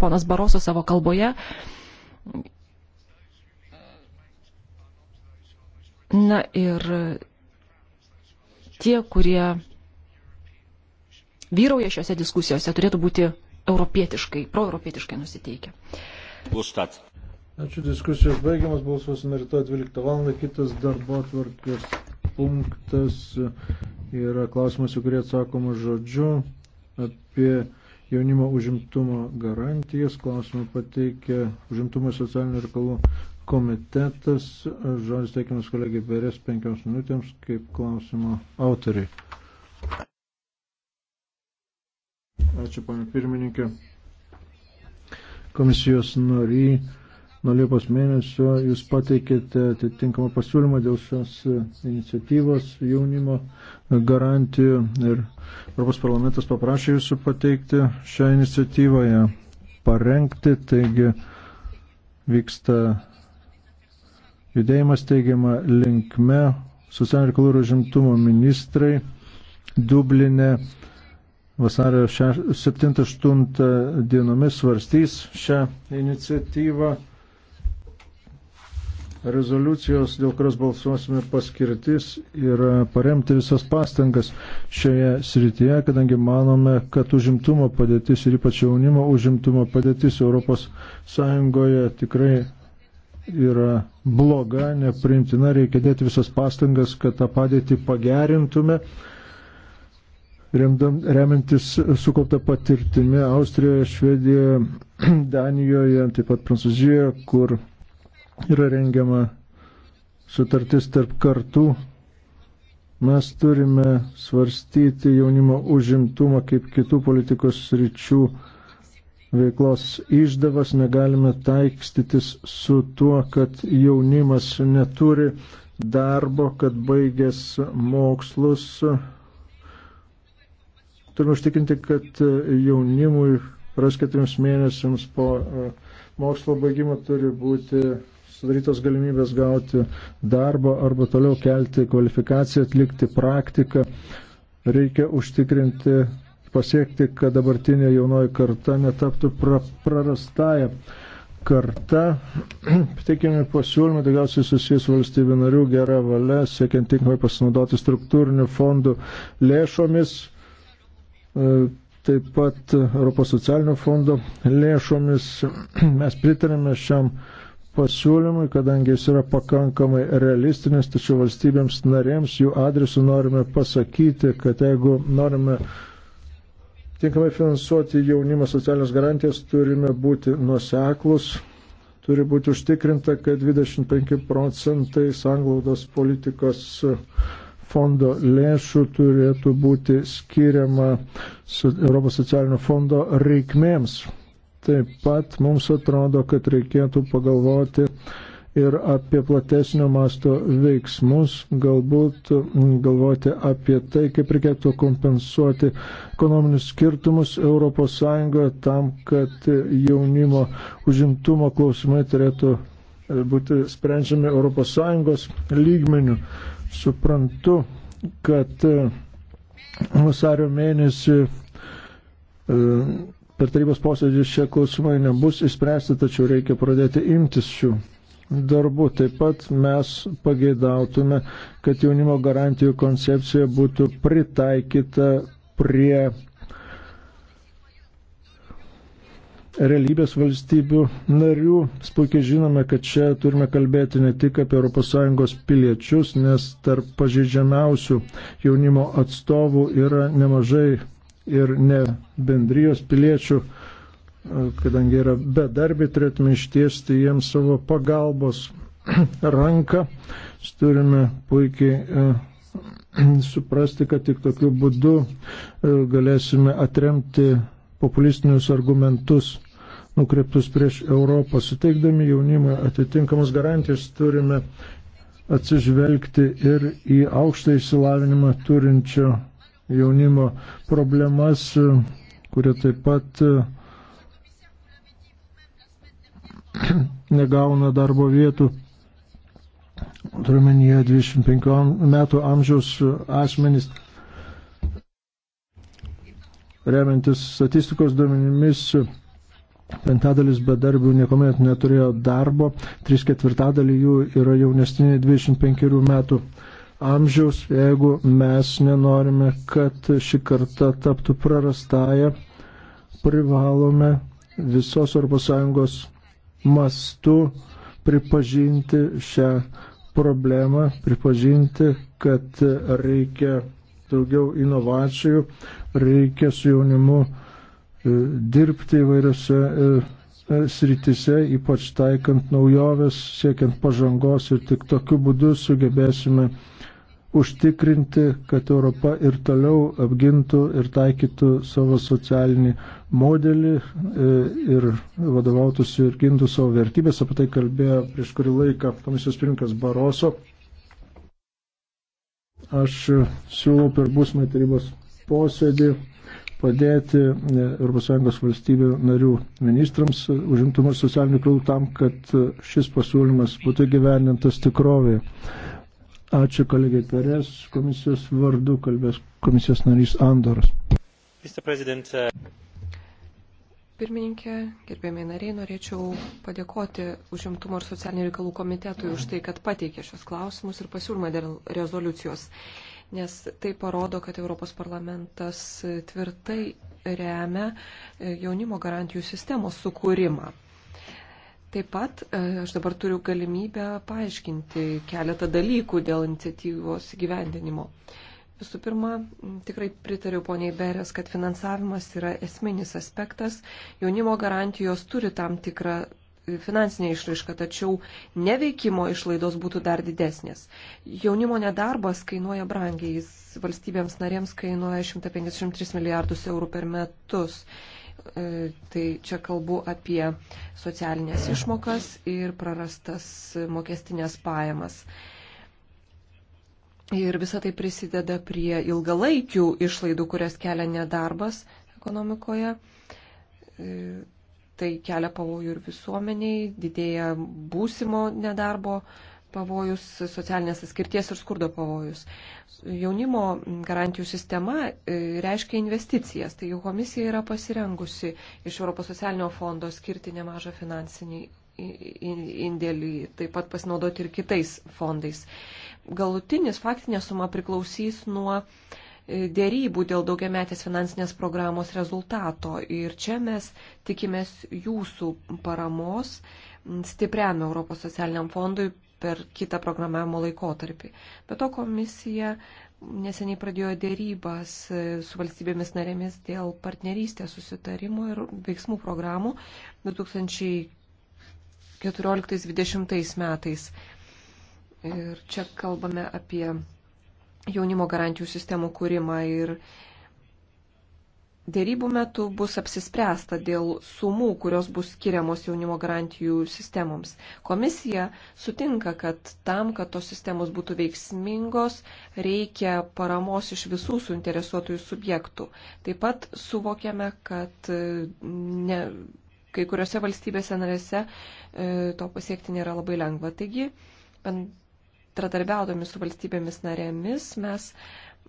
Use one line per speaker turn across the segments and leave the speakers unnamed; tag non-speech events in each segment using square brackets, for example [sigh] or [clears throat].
ponas Baroso savo kalboje. Na ir tie, kurie vyrauja šiuose diskusijose, turėtų būti europietiškai, proeuropietiškai nusiteikę.
Lustat. Ačiū diskusijos baigiamas, balsuosime rytoj 12 val. Kitas darbo atvarkės punktas yra klausimas, į kurį atsakoma žodžiu apie jaunimo užimtumo garantijas. Klausimą pateikė užimtumo socialinių reikalų komitetas. Žodis teikiamas kolegiai Berės penkioms minutėms kaip klausimo autoriai. Ačiū, panė pirmininkė. Komisijos nariai Nuo Liepos mėnesio jūs pateikėte atitinkamą pasiūlymą dėl šios iniciatyvos jaunimo garantijų ir Europos parlamentas paprašė jūsų pateikti šią iniciatyvą, ją parengti, taigi vyksta judėjimas teigiama linkme. Socialinių reikalų ir užimtumo ministrai Dublinė vasario 7-8 dienomis svarstys šią iniciatyvą rezoliucijos, dėl kurios balsuosime paskirtis ir paremti visas pastangas šioje srityje, kadangi manome, kad užimtumo padėtis ir ypač jaunimo užimtumo padėtis ES tikrai yra bloga, neprimtina, reikia dėti visas pastangas, kad tą padėtį pagerintume. Remdam, remintis sukauptą patirtimį Austrijoje, Švedijoje, [clears throat] Danijoje, taip pat Prancūzijoje, kur yra rengiama sutartis tarp kartų. Mes turime svarstyti jaunimo užimtumą kaip kitų politikos ryčių veiklos išdavas, negalime taikstytis su tuo, kad jaunimas neturi darbo, kad baigęs mokslus. Turime užtikrinti, kad jaunimui praskatėms mėnesiams po e, mokslo baigimo turi būti sudarytos galimybės gauti darbo arba toliau kelti kvalifikaciją, atlikti praktiką. Reikia užtikrinti, pasiekti, kad dabartinė jaunoji karta netaptų pra, prarastaja karta. [clears throat] Teikiami pasiūlymai daugiausiai susijęs valstybių narių gera valia, siekiant tinkamai pasinaudoti struktūrinių fondų lėšomis. E, taip pat Europos socialinio fondo lėšomis [clears throat] mes pritarėme šiam uh, pasiūlymui, kadangi jis yra pakankamai realistinis, tačiau valstybėms narėms jų adresu norime pasakyti, kad jeigu norime tinkamai finansuoti jaunimo socialinės garantijas, turime būti nuseklus, turi būti užtikrinta, kad 25 procentai sanglaudos politikos fondo lėšų turėtų būti skiriama Europos socialinio fondo reikmėms Taip pat mums atrodo, kad reikėtų pagalvoti ir apie platesnio masto veiksmus, galbūt mm, galvoti apie tai, kaip reikėtų kompensuoti ekonominius skirtumus ES tam, kad jaunimo užimtumo klausimai turėtų e, būti sprendžiami ES lygmenių. Suprantu, kad e, vasario mėnesį e, per tarybos posėdžius šie klausimai nebus išspręsti, tačiau reikia pradėti imtis šių darbų. Taip pat mes pageidautume, kad jaunimo garantijų koncepcija būtų pritaikyta prie realybės valstybių narių. Mes puikiai žinome, kad čia turime kalbėti ne tik apie ES piliečius, nes tarp pažeidžiamiausių jaunimo atstovų yra nemažai ir ne bendrijos piliečių, e, kadangi yra bedarbiai, turėtume ištiesti jiems savo pagalbos [clears throat] ranką. Turime puikiai e, [clears throat] suprasti, kad tik tokiu būdu e, galėsime atremti populistinius argumentus nukreiptus prieš Europą, suteikdami jaunimui atitinkamas garantijas turime atsižvelgti ir į aukštą išsilavinimą turinčio jaunimo problemas, kurie taip pat e, negauna darbo vietų. Turiuomenyje 25 metų amžiaus asmenys. Remiantis statistikos duomenimis, Pentadalis bedarbių niekuomet neturėjo darbo, 3 ketvirtadalį jų yra jaunesni 25 metų amžiaus, jeigu mes nenorime, kad ši karta taptų prarastąją, privalome visos ES mastu pripažinti šią problemą, pripažinti, kad reikia daugiau inovacijų, reikia su jaunimu e, dirbti įvairiose e, E, sritise, ypač taikant naujoves, siekiant pažangos ir tik tokiu būdu sugebėsime užtikrinti, kad Europa ir toliau apgintų ir taikytų savo socialinį modelį e, ir vadovautųsi ir gintų savo vertybės. Apie tai kalbėjo prieš kurį laiką komisijos pirmininkas Baroso. Aš siūlau per būsimą tarybos posėdį padėti ES valstybių narių ministrams e, užimtumų ir socialinių reikalų tam, kad e, šis pasiūlymas būtų gyvenintas tikrovėje. Ačiū kolegai Perės, komisijos vardu kalbės komisijos narys Andoras. E,
Pirmininkė, gerbėmiai nariai, norėčiau padėkoti Užimtumo ir socialinių reikalų komitetui už tai, kad pateikė šios klausimus ir pasiūlymą dėl rezoliucijos nes tai parodo, kad Europos parlamentas tvirtai remia e, jaunimo garantijų sistemos sukūrimą. Taip pat e, aš dabar turiu galimybę paaiškinti keletą dalykų dėl iniciatyvos gyvendinimo. Visų pirma, tikrai pritariu poniai Berės, kad finansavimas yra esminis aspektas. Jaunimo garantijos turi tam tikrą finansinė išraiška, tačiau neveikimo išlaidos būtų dar didesnės. Jaunimo nedarbas kainuoja brangiai, jis valstybėms narėms kainuoja 153 milijardus eurų per metus. E, tai čia kalbu apie socialinės išmokas ir prarastas mokestinės pajamas. Ir visa tai prisideda prie ilgalaikių išlaidų, kurias kelia nedarbas ekonomikoje e, tai kelia pavojų ir visuomeniai, didėja būsimo nedarbo pavojus, socialinės atskirties ir skurdo pavojus. Jaunimo garantijų sistema e, reiškia investicijas, tai jų komisija yra pasirengusi iš Europos socialinio fondo skirti nemažą finansinį indėlį, taip pat pasinaudoti ir kitais fondais. Galutinis faktinė suma priklausys nuo uh, dėrybų dėl daugiametės finansinės programos rezultato. Ir čia mes tikimės jūsų paramos stipriam Europos socialiniam fondui per kitą programavimo laikotarpį. Be to komisija neseniai pradėjo dėrybas su valstybėmis narėmis dėl partnerystės susitarimo ir veiksmų programų 2014-2020 metais. Ir čia kalbame apie jaunimo garantijų sistemų kūrimą ir dėrybų metu bus apsispręsta dėl sumų, kurios bus skiriamos jaunimo garantijų sistemoms. Komisija sutinka, kad tam, kad tos sistemos būtų veiksmingos, reikia paramos iš visų suinteresuotųjų subjektų. Taip pat suvokiame, kad e, ne, kai kuriuose valstybėse narėse e, to pasiekti nėra labai lengva. Taigi, bent bendradarbiaudami su valstybėmis narėmis mes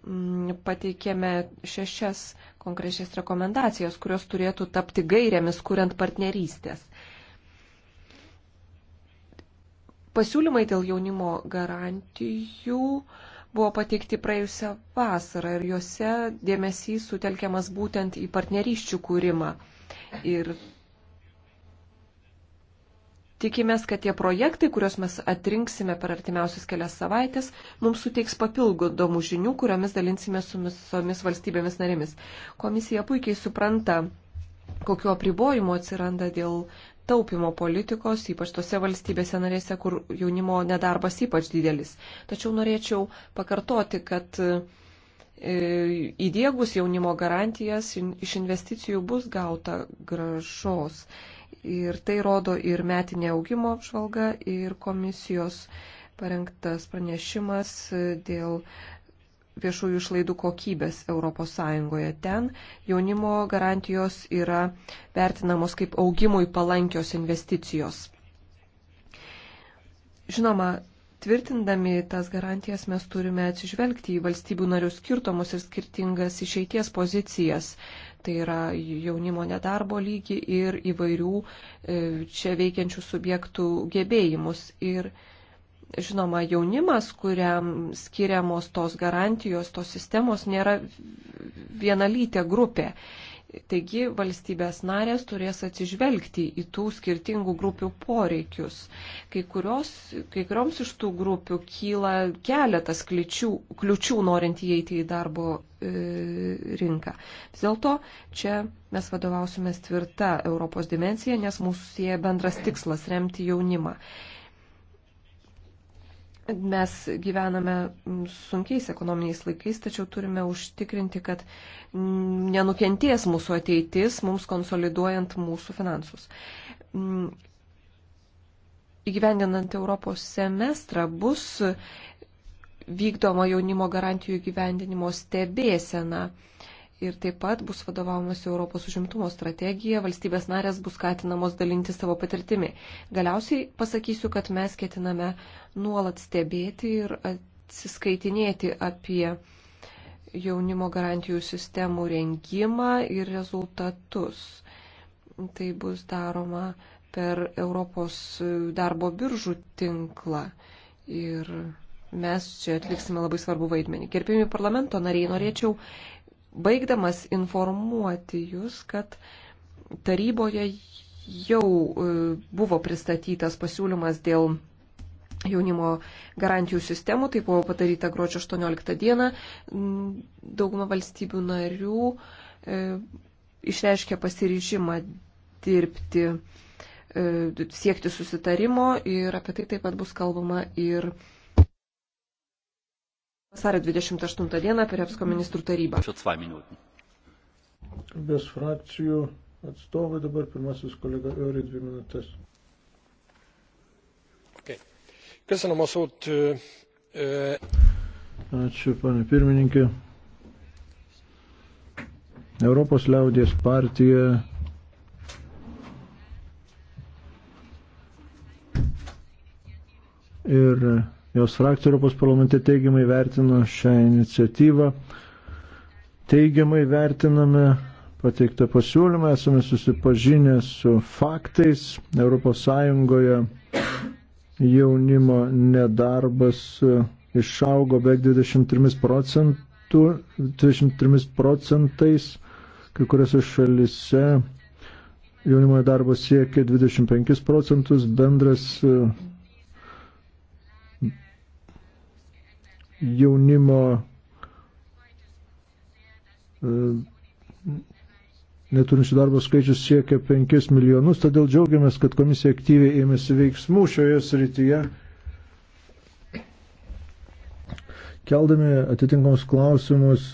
mm, pateikėme šešias konkrečias rekomendacijas, kurios turėtų tapti gairėmis, kuriant partnerystės. Pasiūlymai dėl jaunimo garantijų buvo pateikti praėjusią vasarą ir juose dėmesys sutelkiamas būtent į partnerysčių kūrimą. Ir Tikimės, kad tie projektai, kuriuos mes atrinksime per artimiausias kelias savaitės, mums suteiks papildomų žinių, kuriomis dalinsime su visomis valstybėmis narėmis. Komisija puikiai supranta, kokiu apribojimu atsiranda dėl taupimo politikos, ypač tose valstybėse narėse, kur jaunimo nedarbas ypač didelis. Tačiau norėčiau pakartoti, kad e, įdėgus jaunimo garantijas iš investicijų bus gauta gražos. Ir tai rodo ir metinė augimo apžvalga, ir komisijos parengtas pranešimas dėl viešųjų išlaidų kokybės ES. Ten jaunimo garantijos yra vertinamos kaip augimui palankios investicijos. Žinoma, tvirtindami tas garantijas mes turime atsižvelgti į valstybių narių skirtumus ir skirtingas išeities pozicijas tai yra jaunimo nedarbo lygį ir įvairių e, čia veikiančių subjektų gebėjimus. Ir žinoma, jaunimas, kuriam skiriamos tos garantijos, tos sistemos, nėra vienalytė grupė. Taigi valstybės narės turės atsižvelgti į tų skirtingų grupių poreikius. Kai, kurios, kai kurioms iš tų grupių kyla keletas kliučių, kliučių norint įeiti į darbo e, rinką. Vis dėlto čia mes vadovausimės tvirta Europos dimencija, nes mūsų sieja bendras tikslas remti jaunimą. Mes gyvename sunkiais ekonominiais laikais, tačiau turime užtikrinti, kad nenukenties mūsų ateitis, mums konsoliduojant mūsų finansus. Mm, įgyvendinant Europos semestrą bus vykdoma jaunimo garantijų gyvendinimo stebėsena. Ir taip pat bus vadovavimas Europos užimtumo strategija, valstybės narės bus skatinamos dalinti savo patirtimi. Galiausiai pasakysiu, kad mes ketiname nuolat stebėti ir atsiskaitinėti apie jaunimo garantijų sistemų rengimą ir rezultatus. Tai bus daroma per Europos darbo biržų tinklą. Ir mes čia atliksime labai svarbu vaidmenį. Gerbimi parlamento nariai, norėčiau baigdamas informuoti jūs, kad taryboje jau e, buvo pristatytas pasiūlymas dėl jaunimo garantijų sistemų. Tai buvo padaryta gruodžio 18 dieną. Dauguma valstybių narių e, išreiškė pasiryžimą dirbti, e, siekti susitarimo ir apie tai taip pat bus kalbama ir vasario 28 dieną per EPSCO ministrų tarybą.
Bes frakcijų atstovai dabar pirmasis kolega Euri dvi minutės. Köszönöm a szót. Ačiū, panė pirmininkė. Europos liaudės partija ir jos frakcija Europos parlamente teigiamai vertino šią iniciatyvą. Teigiamai vertiname pateiktą pasiūlymą, esame susipažinę su faktais Europos Sąjungoje jaunimo nedarbas e, išaugo beveik 23 procentų, 23 procentais, kai kuriuose šalise jaunimo darbo siekia 25 procentus, bendras e, jaunimo e, neturinčių darbo skaičius siekia 5 milijonus, todėl džiaugiamės, kad komisija aktyviai ėmėsi veiksmų šioje srityje, keldami atitinkamus klausimus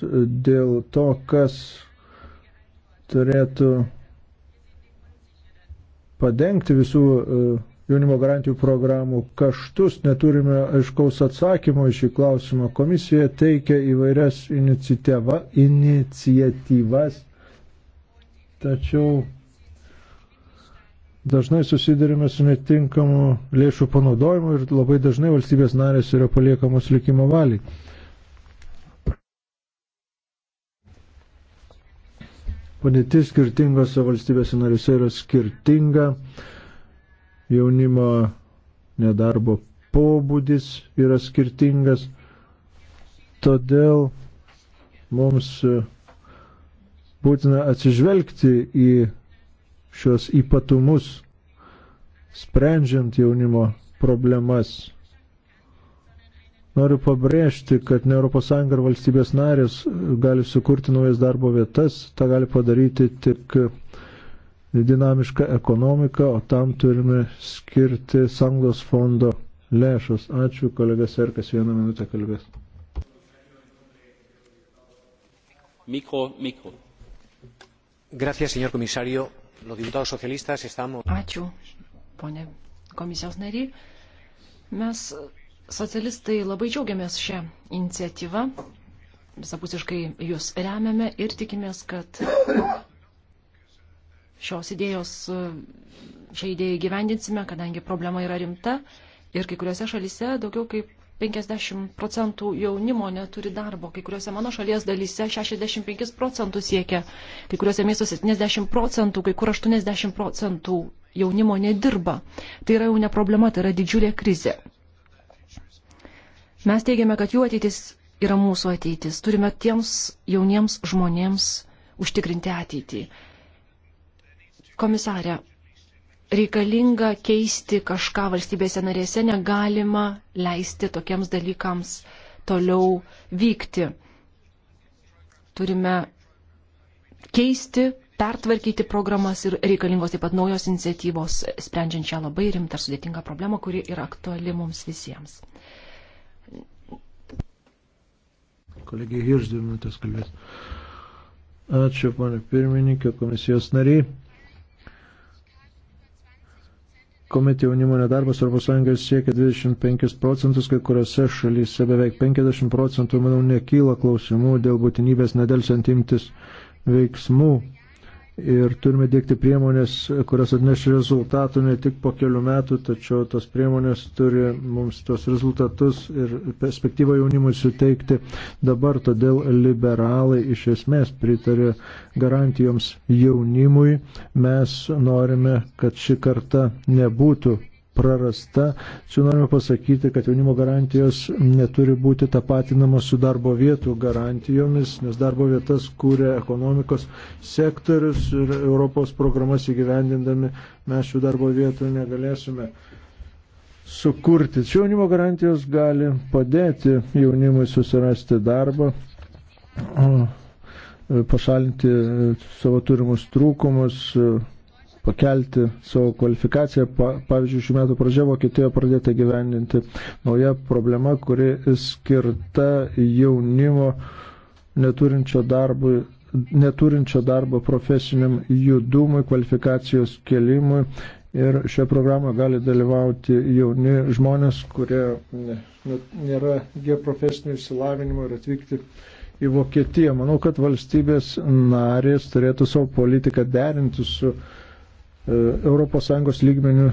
dėl to, kas turėtų padengti visų e, jaunimo garantijų programų kaštus, neturime aiškaus atsakymo iš į klausimą. Komisija teikia įvairias iniciatyva, iniciatyvas Tačiau dažnai susidurime su netinkamu lėšų panaudojimu ir labai dažnai valstybės narės yra paliekamos likimo valiai. Padėtis skirtingose valstybėse narėse yra skirtinga, jaunimo nedarbo pobūdis yra skirtingas, todėl mums būtina atsižvelgti į šios ypatumus, sprendžiant jaunimo problemas. Noriu pabrėžti, kad ne ES ir valstybės narės gali sukurti naujas darbo vietas, tą gali padaryti tik dinamišką ekonomiką, o tam turime skirti Sanglos fondo lėšas. Ačiū, kolegas Erkas, vieną minutę kalbės.
Mikro, mikro. Gracias, señor comisario. Los diputados socialistas estamos. Ačiū, ponė komisijos nary. Mes, socialistai, labai džiaugiamės šią iniciatyvą. Visapusiškai jūs remiame ir tikimės, kad šios idėjos, šią idėją gyvendinsime, kadangi problema yra rimta. Ir kai kuriuose šalise daugiau kaip 50 procentų jaunimo neturi darbo, kai kuriuose mano šalies dalyse 65 procentų siekia, kai kuriuose miestuose 70 procentų, kai kur 80 procentų jaunimo nedirba. Tai yra jau ne problema, tai yra didžiulė krizė. Mes teigiame, kad jų ateitis yra mūsų ateitis. Turime tiems jauniems žmonėms užtikrinti ateitį. Komisarė, reikalinga keisti kažką valstybėse narėse, negalima leisti tokiems dalykams toliau vykti. Turime keisti, pertvarkyti programas ir reikalingos taip pat naujos iniciatyvos, sprendžiant šią labai rimtą ir sudėtingą problemą, kuri yra aktuali mums visiems.
Kolegija Hirš, dvi minutės kalbės. Ačiū, ponė pirmininkė, komisijos nariai kuomet jaunimo nedarbas ES siekia 25 procentus, kai kuriuose šalyse beveik 50 procentų, manau, nekyla klausimų dėl būtinybės nedelsiant imtis veiksmų ir turime dėkti priemonės, kurios atneš rezultatų ne tik po kelių metų, tačiau tos priemonės turi mums tos rezultatus ir perspektyvą jaunimui suteikti dabar, todėl liberalai iš esmės pritarė garantijoms jaunimui. Mes norime, kad ši karta nebūtų prarasta. Čia norime pasakyti, kad jaunimo garantijos neturi būti tapatinamos su darbo vietų garantijomis, nes darbo vietas kūrė ekonomikos sektorius ir Europos programas įgyvendindami mes šių darbo vietų negalėsime sukurti. Čia jaunimo garantijos gali padėti jaunimui susirasti darbą, pašalinti savo turimus trūkumus, pakelti savo kvalifikaciją. Pa, pavyzdžiui, šių metų pradžia Vokietijoje pradėta gyvendinti nauja problema, kuri skirta jaunimo neturinčio darbui neturinčio darbo profesiniam judumui, kvalifikacijos kelimui Ir šioje programoje gali dalyvauti jauni žmonės, kurie nėra jie profesinio išsilavinimo ir atvykti į Vokietiją. Manau, kad valstybės narės turėtų savo politiką derinti su ES lygmenių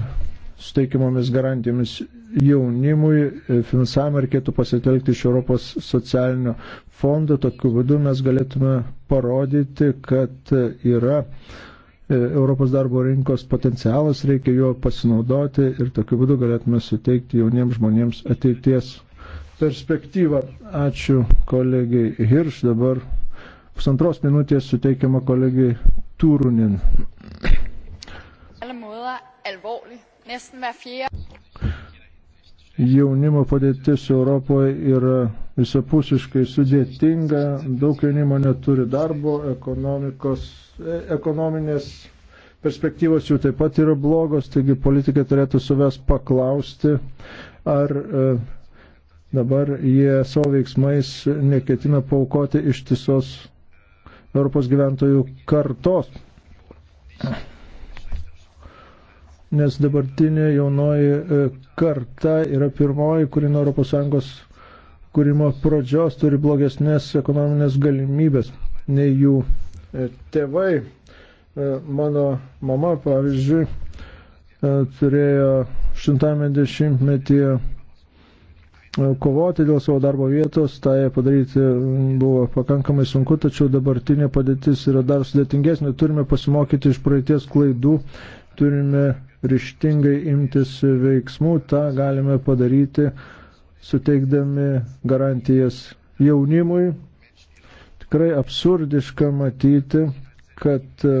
suteikiamomis garantijomis jaunimui e, finansavimą reikėtų pasitelkti iš Europos socialinio fondo. Tokiu būdu mes galėtume parodyti, kad yra e, Europos darbo rinkos potencialas, reikia juo pasinaudoti ir tokiu būdu galėtume suteikti jauniems žmonėms ateities perspektyvą. Ačiū kolegiai Hirš, dabar pusantros minutės suteikiama kolegiai Turunin. Jaunimo padėtis Europoje yra visapusiškai sudėtinga, daug jaunimo neturi darbo, e, ekonominės perspektyvos jų taip pat yra blogos, taigi politikai turėtų savęs paklausti, ar e, dabar jie savo veiksmais neketina paukoti ištisos Europos gyventojų kartos nes dabartinė jaunoji e, karta yra pirmoji, kuri nuo ES kūrimo pradžios turi blogesnės ekonominės galimybės nei jų e, tėvai. E, mano mama, pavyzdžiui, turėjo 110-metyje kovoti dėl savo darbo vietos, tą tai padaryti buvo pakankamai sunku, tačiau dabartinė padėtis yra dar sudėtingesnė. Turime pasimokyti iš praeities klaidų, turime ryštingai imtis veiksmų, tą galime padaryti suteikdami garantijas jaunimui. Tikrai absurdiška matyti, kad e,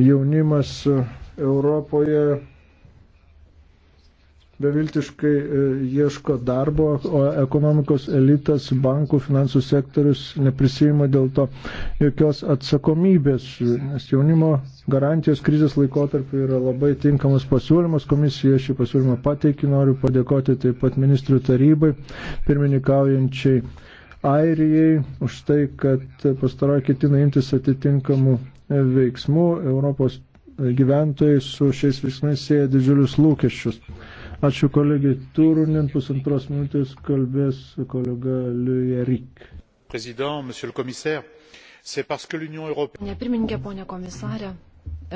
jaunimas e, Europoje beviltiškai e, ieško darbo, o ekonomikos elitas, bankų, finansų sektorius neprisima dėl to jokios atsakomybės, nes jaunimo garantijos krizės laikotarpiu yra labai tinkamas pasiūlymas. Komisija šį pasiūlymą pateikė, noriu padėkoti taip pat ministrių tarybai, pirmininkaujančiai. Airijai už tai, kad pastaroji ketina imtis atitinkamų e, veiksmų. Europos gyventojai su šiais veiksmais sieja didžiulius lūkesčius. Ačiū kolegai Turunin, pusantros minutės kalbės kolega Liujerik.
Nepirmininkė, ponė komisarė,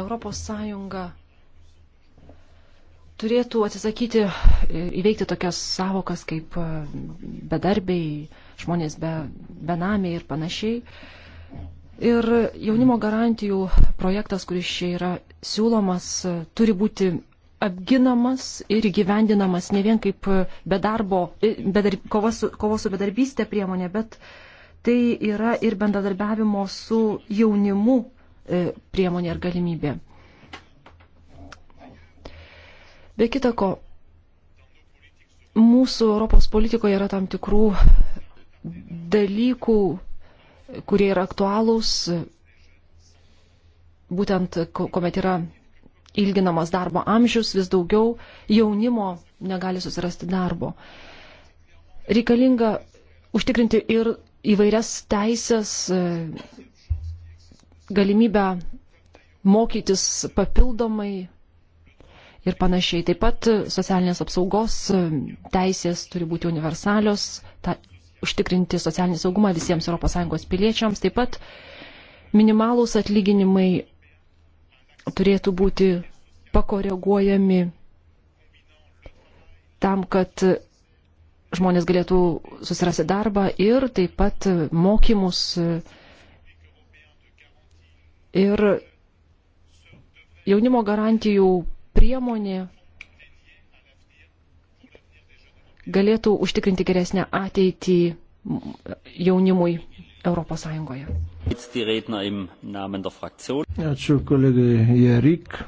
Europos Sąjunga turėtų atsisakyti e, įveikti tokias savokas kaip e, bedarbiai, žmonės be, benamiai ir panašiai. Ir jaunimo garantijų projektas, kuris čia yra siūlomas, e, turi būti apginamas ir įgyvendinamas ne vien kaip e, bedarbo, e, bedar, kovos, kovos su bedarbystė priemonė, bet tai yra ir bendradarbiavimo su jaunimu e, priemonė ir galimybė. Be kita ko, mūsų Europos politikoje yra tam tikrų dalykų, kurie yra aktualūs, būtent kuomet yra ilginamas darbo amžius, vis daugiau jaunimo negali susirasti darbo. Reikalinga užtikrinti ir įvairias teisės, e, galimybę mokytis papildomai ir panašiai. Taip pat socialinės apsaugos e, teisės turi būti universalios, ta, užtikrinti socialinį saugumą visiems ES piliečiams. Taip pat minimalūs atlyginimai turėtų būti pakoreguojami tam, kad žmonės galėtų susirasti darbą ir taip pat mokymus ir jaunimo garantijų priemonė galėtų užtikrinti geresnę ateitį jaunimui Europos Sąjungoje.
Ačiū kolegai Jerik.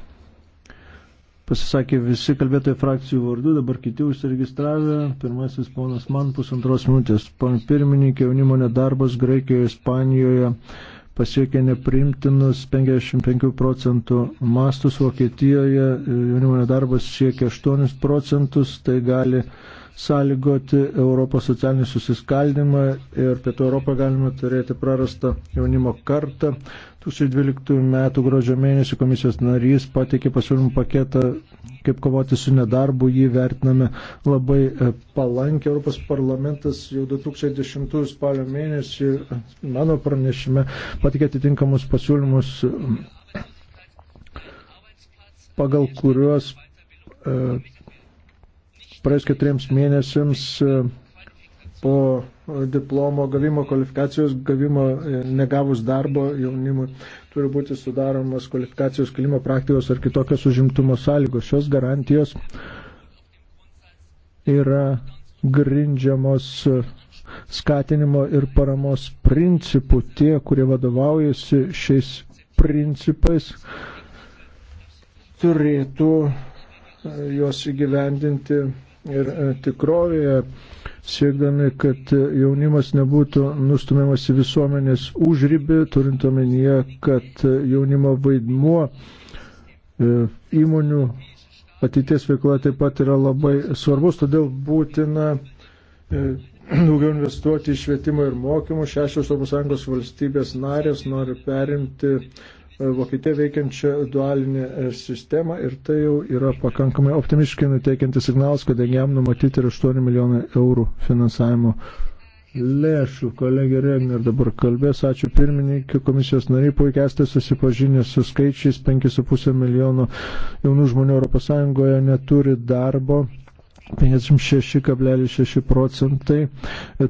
Pasisakė visi kalbėtojai frakcijų vardu, dabar kiti užsiregistravę. Pirmasis ponas man pusantros minutės. Pone pirmininkė, jaunimo nedarbas Graikijoje, Ispanijoje pasiekė neprimtinus 55 procentų mastus, Vokietijoje e, jaunimo nedarbas siekia 8 procentus, tai gali sąlygoti Europos socialinį susiskaldimą ir pietų Europą galima turėti prarastą jaunimo kartą. 2012 m. gruodžio mėnesį komisijos narys pateikė pasiūlymų paketą, kaip kovoti su nedarbu, jį vertiname labai e, palankiai. Europos parlamentas jau 2010 spalio mėnesį mano pranešime pateikė atitinkamus pasiūlymus, pagal kuriuos e, praėjus keturiems mėnesiams e, po diplomo gavimo, kvalifikacijos gavimo e, negavus darbo jaunimui turi būti sudaromas kvalifikacijos kelimo praktikos ar kitokios užimtumo sąlygos. Šios garantijos yra grindžiamos skatinimo ir paramos principų tie, kurie vadovaujasi šiais principais, turėtų e, juos įgyvendinti ir e, tikrovėje, siekdami, kad e, jaunimas nebūtų nustumiamas į visuomenės užribį, turint omenyje, kad e, jaunimo vaidmuo įmonių ateities veikloje taip pat yra labai svarbus, todėl būtina [clears throat] daugiau investuoti į švietimą ir mokymus. Šešios ES valstybės narės nori perimti E, Vokietija veikiančią dualinę e, sistemą ir tai jau yra pakankamai optimiškai nuteikiantis signalas, kadangi jam numatyti ir 8 milijonai eurų finansavimo lėšų. Kolegė Regner dabar kalbės, ačiū pirmininkė, komisijos nariai puikiai esate susipažinę su skaičiais, 5,5 milijono jaunų žmonių ES neturi darbo 56,6 procentai.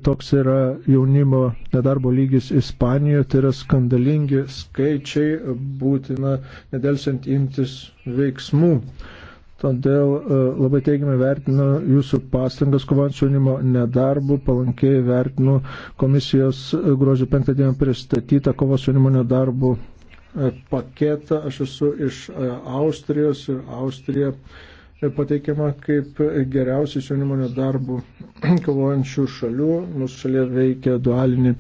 Toks yra jaunimo nedarbo lygis Ispanijoje, tai yra skandalingi skaičiai, būtina nedelsiant imtis veiksmų. Todėl e, labai teigiamai vertinu jūsų pastangas kovant su jaunimo nedarbu, palankiai vertinu komisijos e, gruodžio 5 dieną pristatytą kovos su jaunimo nedarbu e, paketą. Aš esu iš Austrijos ir Austrija pateikiama kaip geriausias jaunimo nedarbų [clears throat] kovojančių šalių. Mūsų šalyje veikia dualinė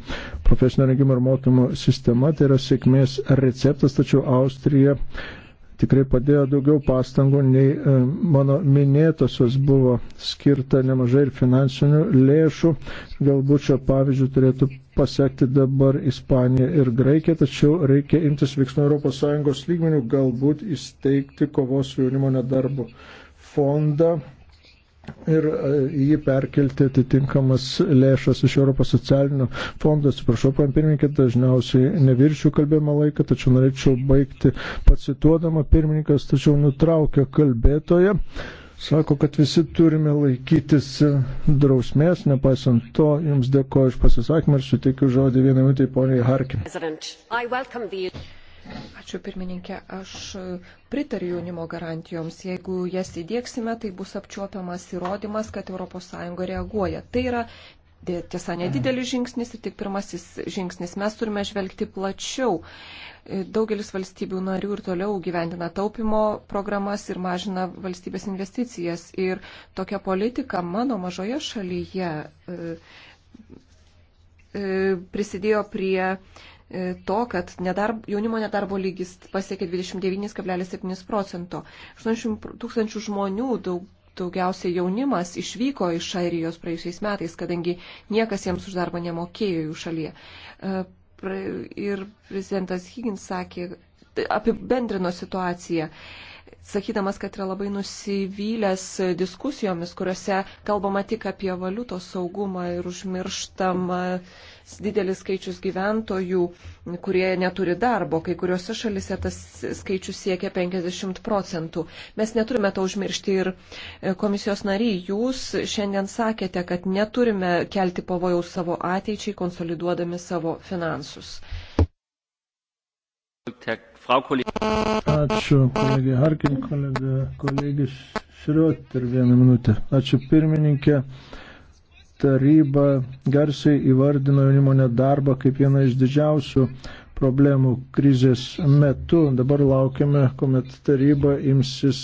profesinio rengimo ir mokymo sistema, tai yra sėkmės receptas, tačiau Austrija tikrai padėjo daugiau pastangų, nei e, mano minėtosios buvo skirta nemažai ir finansinių lėšų. Galbūt šio pavyzdžių turėtų pasiekti dabar Ispanija ir Graikija, tačiau reikia imtis veiksmų ES lygmenių, galbūt įsteigti kovos su jaunimo nedarbu fondą ir e, jį perkelti atitinkamas lėšas iš Europos socialinio fondo. Atsiprašau, pan pirmininkė, dažniausiai neviršiu kalbėjimo laiką, tačiau norėčiau baigti pacituodama. Pirmininkas tačiau nutraukė kalbėtoją. Sako, kad visi turime laikytis e, drausmės, nepaisant to, jums dėkoju iš pasisakymą ir suteikiu žodį vieną minutę poniai Harkin.
Ačiū pirmininkė, aš pritariu jaunimo garantijoms. Jeigu jas įdėksime, tai bus apčiuopiamas įrodymas, kad ES reaguoja. Tai yra tiesa nedidelis žingsnis ir tik pirmasis žingsnis. Mes turime žvelgti plačiau. Daugelis valstybių narių ir toliau gyvendina taupimo programas ir mažina valstybės investicijas. Ir tokia politika mano mažoje šalyje e, e, prisidėjo prie E, to, kad nedarb, jaunimo nedarbo lygis pasiekė 29,7 procento. 80 tūkstančių žmonių daug, daugiausiai jaunimas išvyko iš Airijos praėjusiais metais, kadangi niekas jiems už darbą nemokėjo jų šalyje. E, ir prezidentas Higgins sakė, tai apibendrino situaciją sakydamas, kad yra labai nusivylęs diskusijomis, kuriuose kalbama tik apie valiutos saugumą ir užmirštama didelis skaičius gyventojų, kurie neturi darbo. Kai kuriuose šalise tas skaičius siekia 50 procentų. Mes neturime to užmiršti ir e, komisijos nariai, jūs šiandien sakėte, kad neturime kelti pavojaus savo ateičiai, konsoliduodami savo finansus.
Ačiū, kolegė Harkin, kolegė, kolegė Šriot ir vieną minutę. Ačiū pirmininkė taryba garsiai įvardino jaunimo nedarbą kaip vieną iš didžiausių problemų krizės metu. Dabar laukiame, kuomet taryba imsis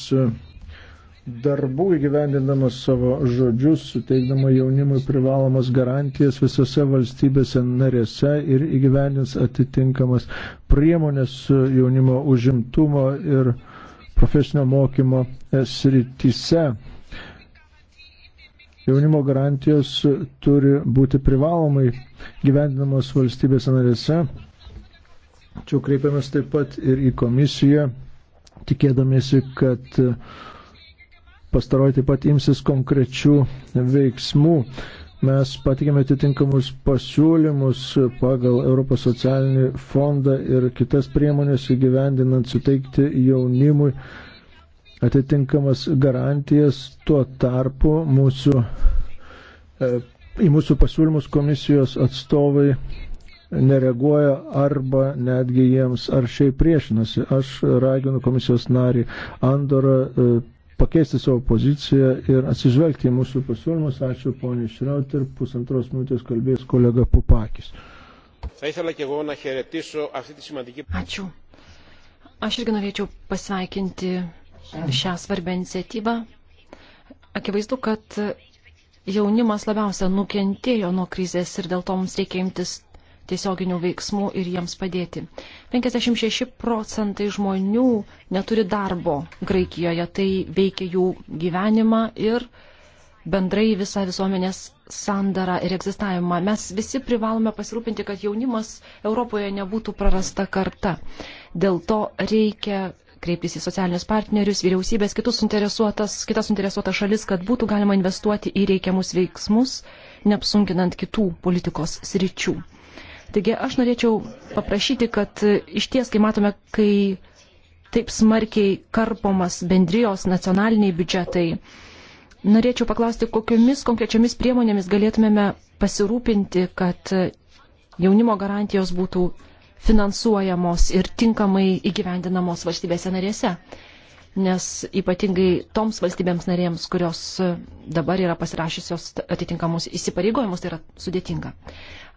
darbų įgyvendinamas savo žodžius, suteikdama jaunimui privalomas garantijas visose valstybėse narėse ir įgyvendins atitinkamas priemonės jaunimo užimtumo ir profesinio mokymo srityse. Jaunimo garantijos turi būti privalomai gyvendinamos valstybės narėse. Čia kreipiamės taip pat ir į komisiją, tikėdamėsi, kad pastaroji taip pat imsis konkrečių veiksmų. Mes patikėme atitinkamus pasiūlymus pagal Europos socialinį fondą ir kitas priemonės įgyvendinant suteikti jaunimui atitinkamas garantijas. Tuo tarpu mūsų, e, į mūsų pasiūlymus komisijos atstovai nereaguoja arba netgi jiems aršiai priešinasi. Aš raginu komisijos narį Andorą e, pakeisti savo poziciją ir atsižvelgti į mūsų pasiūlymus. Ačiū poniai Šrauter, pusantros minutės kalbės kolega Pupakis. Ačiū.
Aš irgi norėčiau pasveikinti šią svarbę iniciatyvą. Akivaizdu, kad jaunimas labiausia nukentėjo nuo krizės ir dėl to mums reikia imtis tiesioginių veiksmų ir jiems padėti. 56 procentai žmonių neturi darbo Graikijoje, tai veikia jų gyvenimą ir bendrai visą visuomenės sandarą ir egzistavimą. Mes visi privalome pasirūpinti, kad jaunimas Europoje nebūtų prarasta karta. Dėl to reikia kreiptis į socialinius partnerius, vyriausybės, kitus suinteresuotas, kitas suinteresuotas šalis, kad būtų galima investuoti į reikiamus veiksmus, neapsunkinant kitų politikos sričių. Taigi aš norėčiau paprašyti, kad iš ties, kai matome, kai taip smarkiai karpomas bendrijos nacionaliniai biudžetai, norėčiau paklausti, kokiomis konkrečiomis priemonėmis galėtumėme pasirūpinti, kad jaunimo garantijos būtų finansuojamos ir tinkamai įgyvendinamos valstybėse narėse. Nes ypatingai toms valstybėms narėms, kurios e, dabar yra pasirašysios atitinkamus įsipareigojimus, tai yra sudėtinga.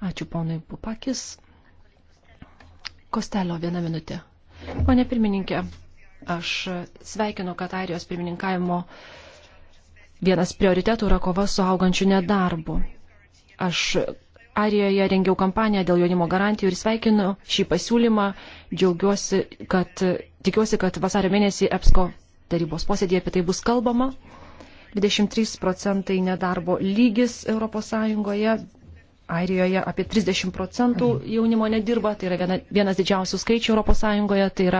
Ačiū ponui Pupakis. Kostelio vieną minutę. Pone pirmininkė, aš sveikinu, kad Airijos pirmininkavimo vienas prioritetų yra kova su augančiu nedarbu. Aš Arijoje rengiau kampaniją dėl jaunimo garantijų ir sveikinu šį pasiūlymą. Džiaugiuosi, kad tikiuosi, kad vasario mėnesį EPSCO tarybos posėdėje apie tai bus kalbama. 23 procentai nedarbo lygis ES, Airijoje apie 30 procentų jaunimo nedirba, tai yra viena, vienas didžiausių skaičių ES, tai yra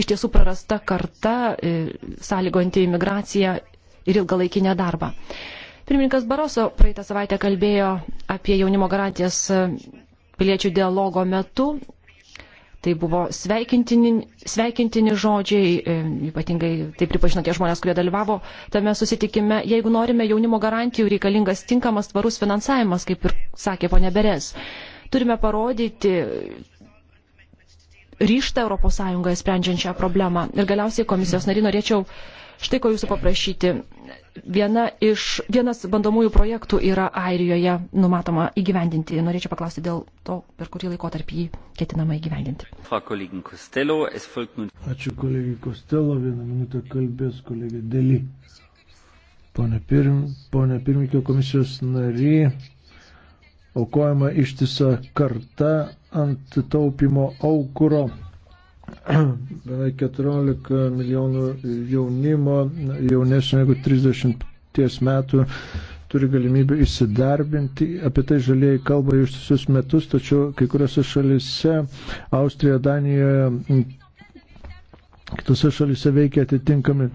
iš tiesų prarasta karta e, sąlygojanti imigraciją ir ilgalaikį nedarbą. darbą. Pirmininkas Baroso praeitą savaitę kalbėjo apie jaunimo garantijas e, piliečių dialogo metu. Tai buvo sveikintini, sveikintini žodžiai, e, ypatingai tai pripažino tie žmonės, kurie dalyvavo tame susitikime. Jeigu norime jaunimo garantijų, reikalingas tinkamas tvarus finansavimas, kaip ir sakė ponė Beres. Turime parodyti ryštą ES sprendžiant šią problemą. Ir galiausiai komisijos nariai norėčiau štai ko jūsų paprašyti viena iš, vienas bandomųjų projektų yra Airijoje numatoma įgyvendinti. Norėčiau paklausti dėl to, per kurį laikotarpį jį ketinama įgyvendinti.
Ačiū kolegai Kostelo, vieną minutę kalbės kolegė Deli. Pone, pirm, pone pirmikio komisijos nary, aukojama ištisa karta ant taupimo aukuro [clears throat] beveik 14 milijonų jaunimo, jaunesnio negu 30 metų turi galimybę įsidarbinti. Apie tai žalieji kalba jau ištisus metus, tačiau kai kuriuose šalise, Austrija, Danijoje, kitose šalise veikia atitinkami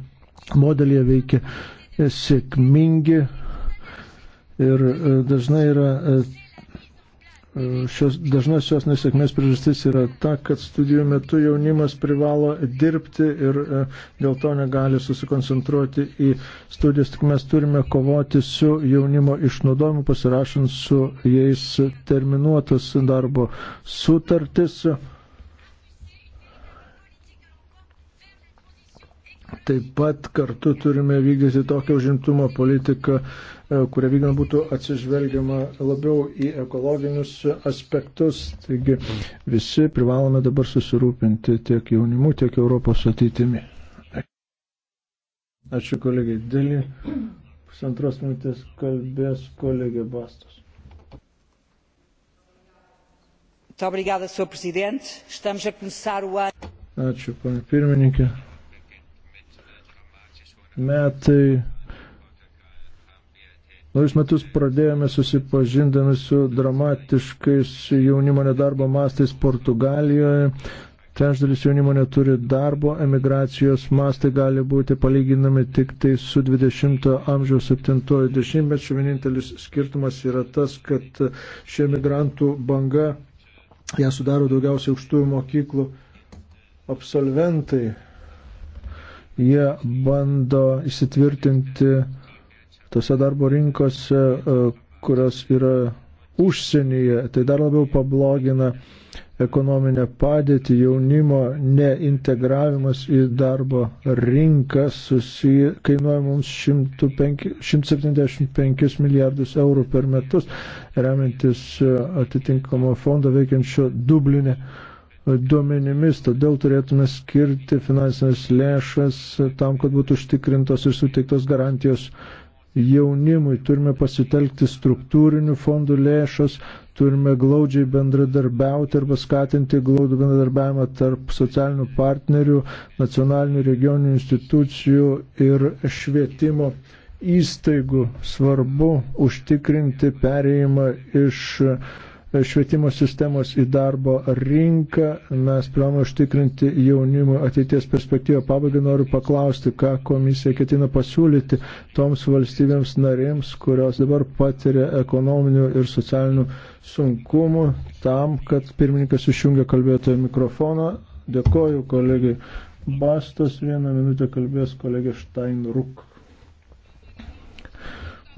modelyje, veikia sėkmingi ir e, dažnai yra e, šios, dažnas šios nesėkmės priežastis yra ta, kad studijų metu jaunimas privalo dirbti ir e, dėl to negali susikoncentruoti į studijas. Tik mes turime kovoti su jaunimo išnaudojimu, pasirašant su jais terminuotas darbo sutartis. Taip pat kartu turime vykdyti tokią užimtumo politiką, e, kuria vykdoma būtų atsižvelgiama labiau į ekologinius aspektus. Taigi visi privalome dabar susirūpinti tiek jaunimu, tiek Europos ateitimi. Ačiū kolegai Dėlį. Pusantros minutės kalbės kolegė Bastos. Ačiū, pane pirmininkė metai. Naujus metus pradėjome susipažindami su dramatiškais jaunimo nedarbo mastais Portugalijoje. Trečdalis jaunimo neturi darbo, emigracijos mastai gali būti palyginami tik tai su 20-ojo amžiaus 70-ojo dešimtmečiu. Vienintelis skirtumas yra tas, kad ši emigrantų banga ją sudaro daugiausiai aukštųjų mokyklų absolventai jie bando įsitvirtinti tose darbo rinkose, e, kurios yra užsienyje. Tai dar labiau pablogina ekonominę padėtį, jaunimo neintegravimas į darbo rinką susiję, kainuoja mums 105, 175 milijardus eurų per metus, remiantis e, atitinkamo fondo veikiančio Dublinė. E duomenimis, todėl turėtume skirti finansinės lėšas tam, kad būtų užtikrintos ir suteiktos garantijos jaunimui. Turime pasitelkti struktūrinių fondų lėšas, turime glaudžiai bendradarbiauti arba skatinti glaudų bendradarbiavimą tarp socialinių partnerių, nacionalinių regioninių institucijų ir švietimo įstaigų. Svarbu užtikrinti pereimą iš švietimo sistemos į darbo rinką. Mes privalome užtikrinti jaunimo ateities perspektyvą. Pabaigai noriu paklausti, ką komisija ketina pasiūlyti toms valstybėms narėms, kurios dabar patiria ekonominių ir socialinių sunkumų, tam, kad pirmininkas išjungia kalbėtojo mikrofoną. Dėkoju kolegai Bastos, vieną minutę kalbės kolegė Steinruk.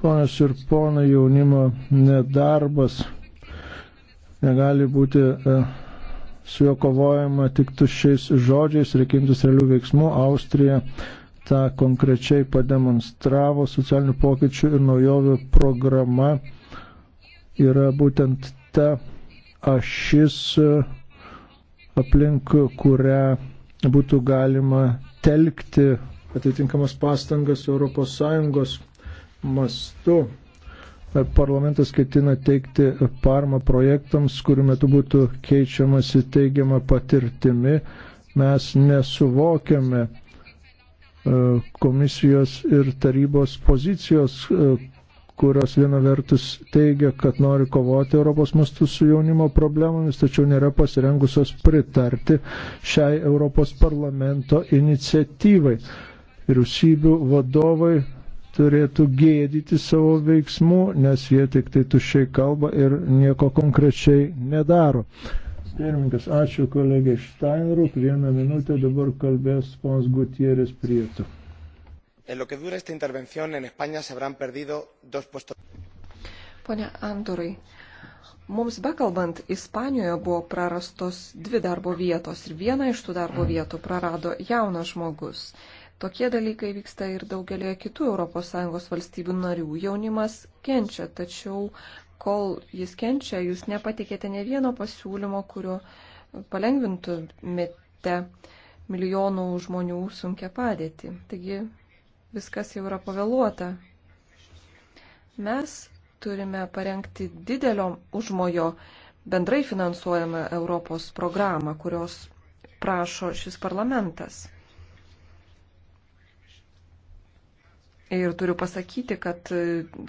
Ponas ir ponai, jaunimo nedarbas Negali būti e, su juo kovojama tik tuščiais žodžiais, reikimtis realių veiksmų. Austrija tą konkrečiai pademonstravo socialinių pokyčių ir naujovių programa yra būtent ta ašis, e, aplink kurią būtų galima telkti atitinkamas pastangas ES mastu parlamentas ketina teikti parmą projektams, kurių metu būtų keičiamasi teigiama patirtimi. Mes nesuvokiame e, komisijos ir tarybos pozicijos, e, kurios viena vertus teigia, kad nori kovoti Europos mastu su jaunimo problemomis, tačiau nėra pasirengusios pritarti šiai Europos parlamento iniciatyvai. Vyriausybių vadovai turėtų gėdyti savo veiksmų, nes jie tik tai tušiai kalba ir nieko konkrečiai nedaro. Pirmininkas, ačiū kolegė Steinruk, vieną minutę dabar kalbės pons Gutierės Prietų. En
lo que dura esta intervención en España se habrán perdido dos puestos. Pone Andorai, Mums bekalbant, Ispanijoje buvo prarastos dvi darbo vietos ir vieną iš tų darbo vietų prarado jaunas žmogus. Tokie dalykai vyksta ir daugelėje kitų ES valstybių narių. Jaunimas kenčia, tačiau kol jis kenčia, jūs nepatikėte ne vieno pasiūlymo, kurio palengvintumėte milijonų žmonių sunkia padėtį. Taigi viskas jau yra pavėluota. Mes turime parengti didelio užmojo bendrai finansuojamą Europos programą, kurios prašo šis parlamentas. Ir turiu pasakyti, kad e,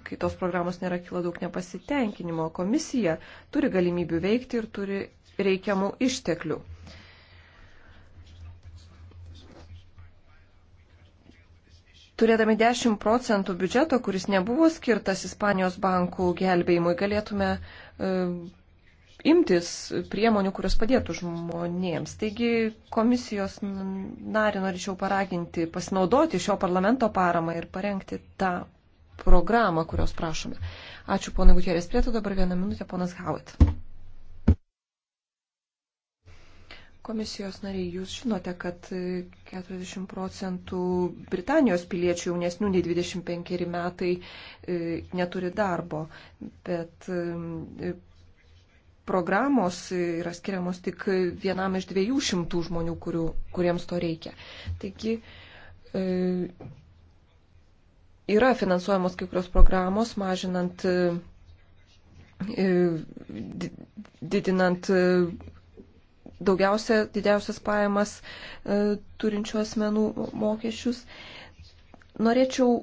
kai tos programos nėra kilo daug nepasitenkinimo, komisija turi galimybių veikti ir turi reikiamų išteklių. Turėdami 10 procentų biudžeto, kuris nebuvo skirtas Ispanijos bankų gelbėjimui, galėtume e, imtis priemonių, kurios padėtų žmonėms. Taigi komisijos narį norėčiau paraginti pasinaudoti šio parlamento paramą ir parengti tą programą, kurios prašome. Ačiū ponai Gutierės Prieto, dabar vieną minutę ponas Howitt. Komisijos nariai, jūs žinote, kad 40 procentų Britanijos piliečių jaunesnių nei 25 metai e, neturi darbo, bet e, programos yra skiriamos tik vienam iš dviejų šimtų žmonių, kurių, kuriems to reikia. Taigi e, yra finansuojamos kai kurios programos, mažinant, e, e didinant e, daugiausia, didžiausias pajamas e, turinčių asmenų mokesčius. Norėčiau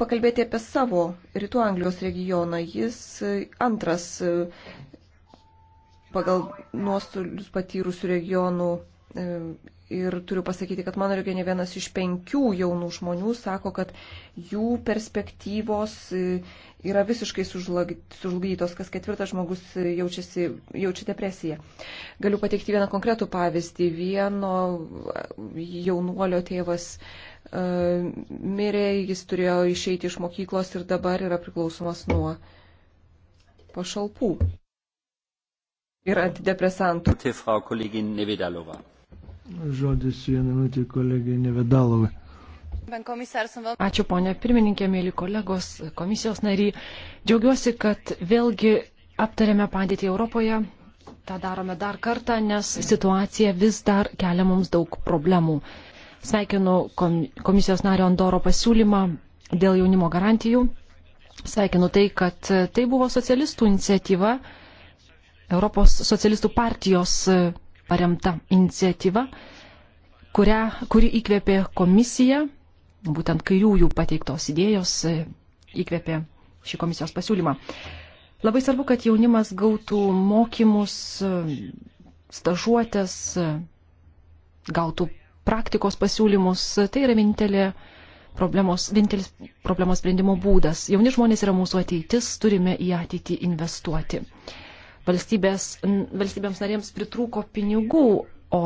pakalbėti apie savo rytų Anglijos regioną. Jis e, antras pagal nuostolius patyrusių regionų. E, ir turiu pasakyti, kad mano regione vienas iš penkių jaunų žmonių sako, kad jų perspektyvos e, yra visiškai sužlugdytos, kas ketvirtas žmogus e, jaučiasi, jaučia depresiją. Galiu pateikti vieną konkretų pavyzdį. Vieno jaunuolio tėvas mirė, jis turėjo išeiti iš mokyklos ir dabar yra priklausomas nuo pašalpų ir antidepresantų.
Žodis vieną minutį kolegai Nevedalovai.
Ačiū ponė pirmininkė, mėly kolegos, komisijos nariai. Džiaugiuosi, kad vėlgi aptarėme padėtį Europoje. Ta darome dar kartą, nes situacija vis dar kelia mums daug problemų. Sveikinu komisijos nario Andoro pasiūlymą dėl jaunimo garantijų. Sveikinu tai, kad tai buvo socialistų iniciatyva Europos socialistų partijos e, paremta iniciatyva, kurią, kuri įkvėpė komisija, būtent kairiųjų pateiktos idėjos e, įkvėpė šį komisijos pasiūlymą. Labai svarbu, kad jaunimas gautų mokymus, e, stažuotės, gautų praktikos pasiūlymus. Tai yra vienintelė problemos, vienintelis problemos sprendimo būdas. Jauni žmonės yra mūsų ateitis, turime į ateitį investuoti valstybės, valstybėms narėms pritrūko pinigų, o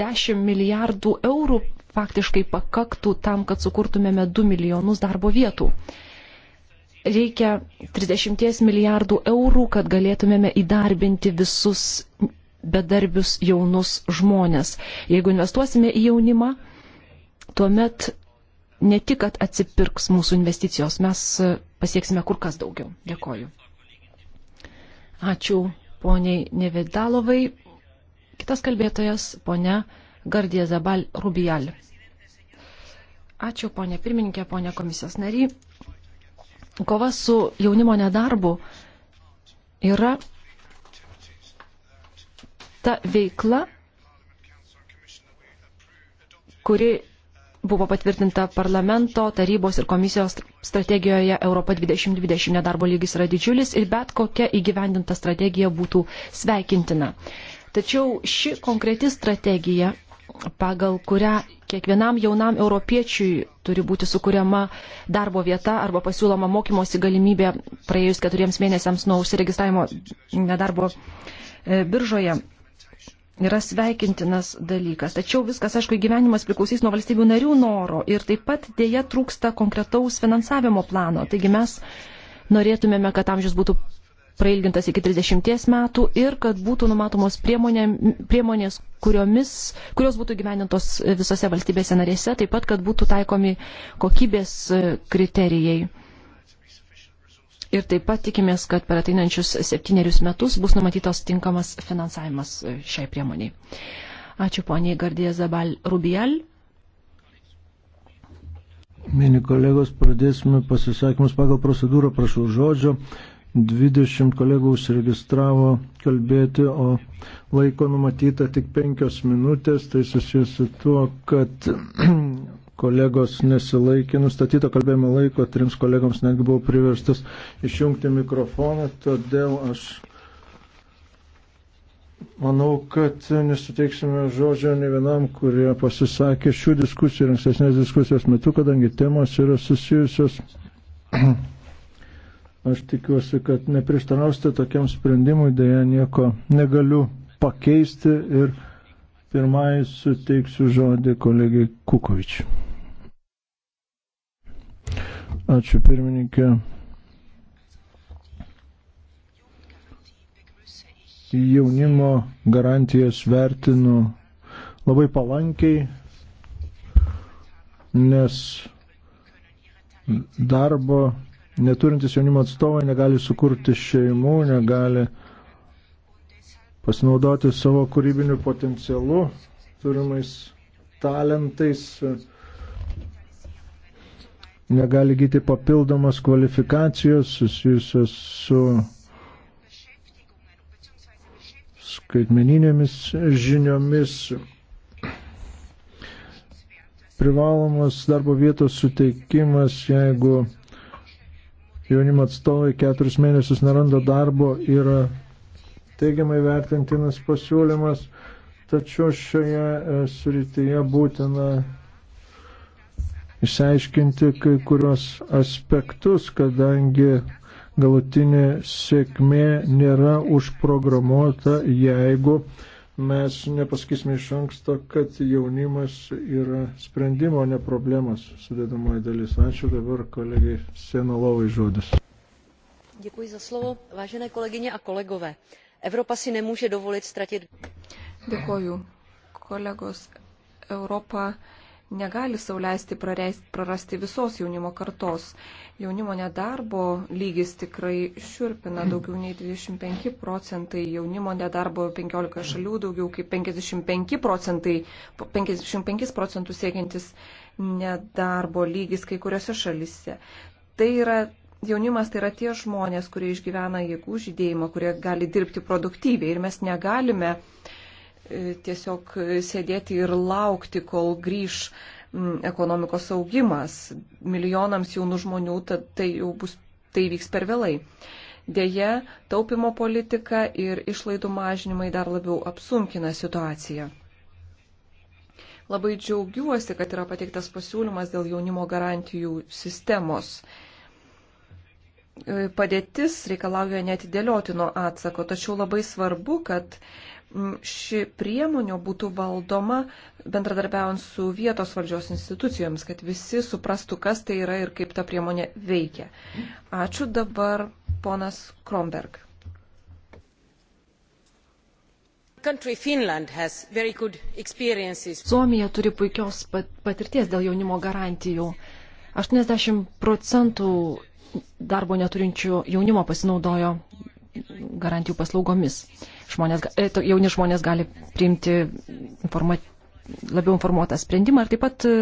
10 milijardų eurų faktiškai pakaktų tam, kad sukurtumėme 2 milijonus darbo vietų. Reikia 30 milijardų eurų, kad galėtumėme įdarbinti visus bedarbius jaunus žmonės. Jeigu investuosime į jaunimą, tuomet ne tik, kad atsipirks mūsų investicijos, mes pasieksime kur kas daugiau. Dėkoju. Ačiū poniai Nevidalovai. Kitas kalbėtojas, ponia Gardija Zabal Rubijal. Ačiū, ponė pirmininkė, ponė komisijos nary. Kova su jaunimo nedarbu yra ta veikla, kuri buvo patvirtinta parlamento, tarybos ir komisijos strategijoje Europa 2020 nedarbo lygis yra didžiulis ir bet kokia įgyvendinta strategija būtų sveikintina. Tačiau ši konkreti strategija, pagal kurią kiekvienam jaunam europiečiui turi būti sukūriama darbo vieta arba pasiūloma mokymosi galimybė praėjus keturiems mėnesiams nuo užsiregistravimo nedarbo e, biržoje, yra sveikintinas dalykas. Tačiau viskas, aišku, gyvenimas priklausys nuo valstybių narių noro ir taip pat dėja trūksta konkretaus finansavimo plano. Taigi mes norėtumėme, kad amžius būtų prailgintas iki 30 metų ir kad būtų numatomos priemonė, priemonės, kuriomis, kurios būtų gyvenintos visose valstybėse narėse, taip pat, kad būtų taikomi kokybės e, kriterijai. Ir taip pat tikimės, kad per ateinančius septynerius metus bus numatytos tinkamas finansavimas e, šiai priemoniai. Ačiū poniai Gardija Zabal Rubijal.
Mėly kolegos, pradėsime pasisakymus pagal procedūrą, prašau žodžio. 20 kolegų užsiregistravo kalbėti, o laiko numatyta tik 5 minutės, tai susijęs su tuo, kad kolegos nesilaikė nustatyto kalbėjimo laiko, trims kolegoms netgi buvau priverstas išjungti mikrofoną, todėl aš manau, kad nesuteiksime žodžio ne vienam, kurie pasisakė šių diskusijų ir ankstesnės diskusijos metu, kadangi temos yra susijusios. [clears throat] Aš tikiuosi, kad neprieštarausite tokiam sprendimui, dėja nieko negaliu pakeisti ir pirmai suteiksiu žodį kolegai Kukovičiu. Ačiū pirmininkė. Jaunimo garantijas vertinu labai palankiai, nes darbo neturintis jaunimo atstovai negali sukurti šeimų, negali pasinaudoti savo kūrybiniu potencialu, turimais talentais negali gyti papildomas kvalifikacijos susijusios su skaitmeninėmis žiniomis privalomas darbo vietos suteikimas, jeigu jaunimo atstovai keturis mėnesius neranda darbo, yra teigiamai vertintinas pasiūlymas, tačiau šioje e, srityje būtina išsiaiškinti kai kurios aspektus, kadangi galutinė sėkmė nėra užprogramuota, jeigu mes nepasakysime iš anksto, kad jaunimas yra sprendimo, ne problemos sudėdamoji dalis. Ačiū dabar kolegai Senolovai žodis.
Děkuji za slovo. Vážené kolegyně a kolegové, Evropa si nemůže dovolit ztratit. Děkuji.
Kolegos, Europa negali sauliaisti prarasti visos jaunimo kartos. Jaunimo nedarbo lygis tikrai šiurpina daugiau nei 25 procentai, jaunimo nedarbo 15 šalių daugiau kaip 55 procentai, 55 procentų siekiantis nedarbo lygis kai kuriuose šalise. Tai yra jaunimas tai yra tie žmonės, kurie išgyvena jėgų žydėjimą, kurie gali dirbti produktyviai ir mes negalime uh, tiesiog sėdėti ir laukti, kol grįž mm, ekonomikos augimas. Milijonams jaunų žmonių tai jau bus, tai vyks per vėlai. Deja, taupimo politika ir išlaidų mažinimai dar labiau apsunkina situaciją. Labai džiaugiuosi, kad yra pateiktas pasiūlymas dėl jaunimo garantijų sistemos padėtis reikalauja netidėliotino atsako, tačiau labai svarbu, kad ši priemonė būtų valdoma bendradarbiaujant su vietos valdžios institucijoms, kad visi suprastų, kas tai yra ir kaip ta priemonė veikia. Ačiū dabar ponas Kromberg. Suomija
turi puikios patirties dėl jaunimo garantijų. 80 procentų darbo neturinčių jaunimo pasinaudojo garantijų paslaugomis žmonės, e, jauni žmonės gali priimti informa, labiau informuotą sprendimą ir taip pat e,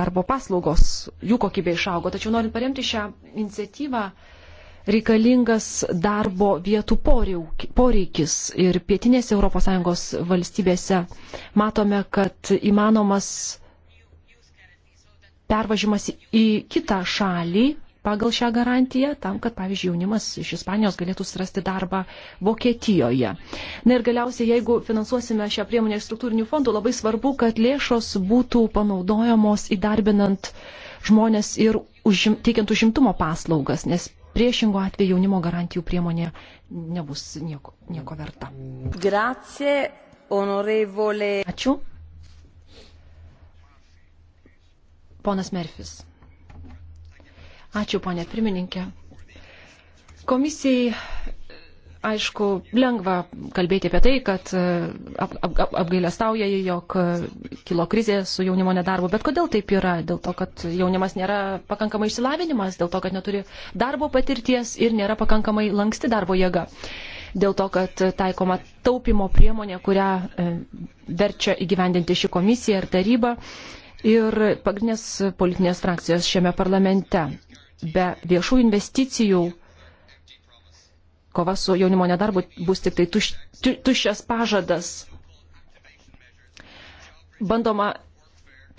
darbo paslaugos, jų kokybė išaugo. Tačiau norint paremti šią iniciatyvą, reikalingas darbo vietų poreikis. Ir pietinėse ES valstybėse matome, kad įmanomas pervažimas į kitą šalį pagal šią garantiją, tam, kad, pavyzdžiui, jaunimas iš Ispanijos galėtų surasti darbą Vokietijoje. Na ir galiausiai, jeigu finansuosime šią priemonę iš struktūrinių fondų, labai svarbu, kad lėšos būtų panaudojamos įdarbinant žmonės ir užim, teikiant užimtumo paslaugas, nes priešingų atveju jaunimo garantijų priemonė nebus nieko, nieko verta.
Grazie,
onorevole. Ačiū. Ponas Merfis. Ačiū, ponė pirmininkė. Komisijai, aišku, lengva kalbėti apie tai, kad e, ap, ap, apgailestauja, jog e, kilo krizė su jaunimo nedarbu. Bet kodėl taip yra? Dėl to, kad jaunimas nėra pakankamai išsilavinimas, dėl to, kad neturi darbo patirties ir nėra pakankamai lanksti darbo jėga dėl to, kad taikoma taupimo priemonė, kurią e, verčia įgyvendinti ši komisija ir taryba ir pagrindinės politinės frakcijos šiame parlamente be viešų investicijų kova su jaunimo nedarbu bus tik tai tuš, tu, tuščias pažadas. Bandoma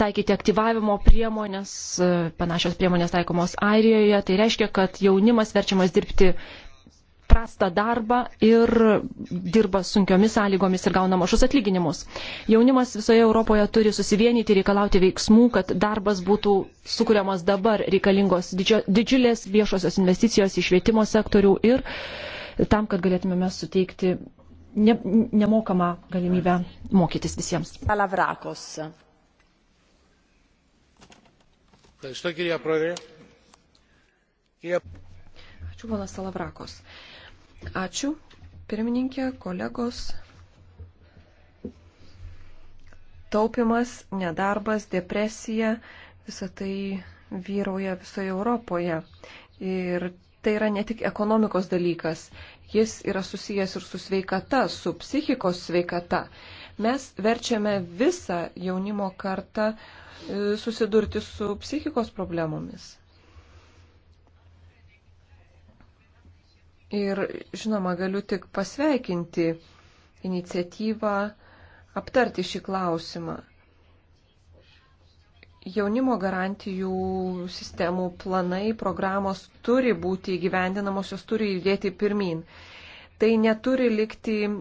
taikyti aktyvavimo priemonės, e, panašios priemonės taikomos Airijoje. Tai reiškia, kad jaunimas verčiamas dirbti prastą darbą ir dirba sunkiomis sąlygomis ir gauna mažus atlyginimus. Jaunimas visoje Europoje turi susivienyti, reikalauti veiksmų, kad darbas būtų sukūriamas dabar, reikalingos didžio, didžiulės viešosios investicijos į švietimo sektorių ir tam, kad galėtumėme suteikti ne, nemokamą galimybę mokytis visiems.
Palavrakos. Ačiū, ponas Salavrakos. Ačiū, pirmininkė, kolegos. Taupimas, nedarbas, depresija, visa tai vyrauja visoje Europoje. Ir tai yra ne tik ekonomikos dalykas, jis yra susijęs ir su sveikata, su psichikos sveikata. Mes verčiame visą jaunimo kartą e, susidurti su psichikos problemomis. Ir žinoma, galiu tik pasveikinti iniciatyvą aptarti šį klausimą. Jaunimo garantijų sistemų planai, programos turi būti įgyvendinamos, jos turi judėti pirmin. Tai neturi likti e,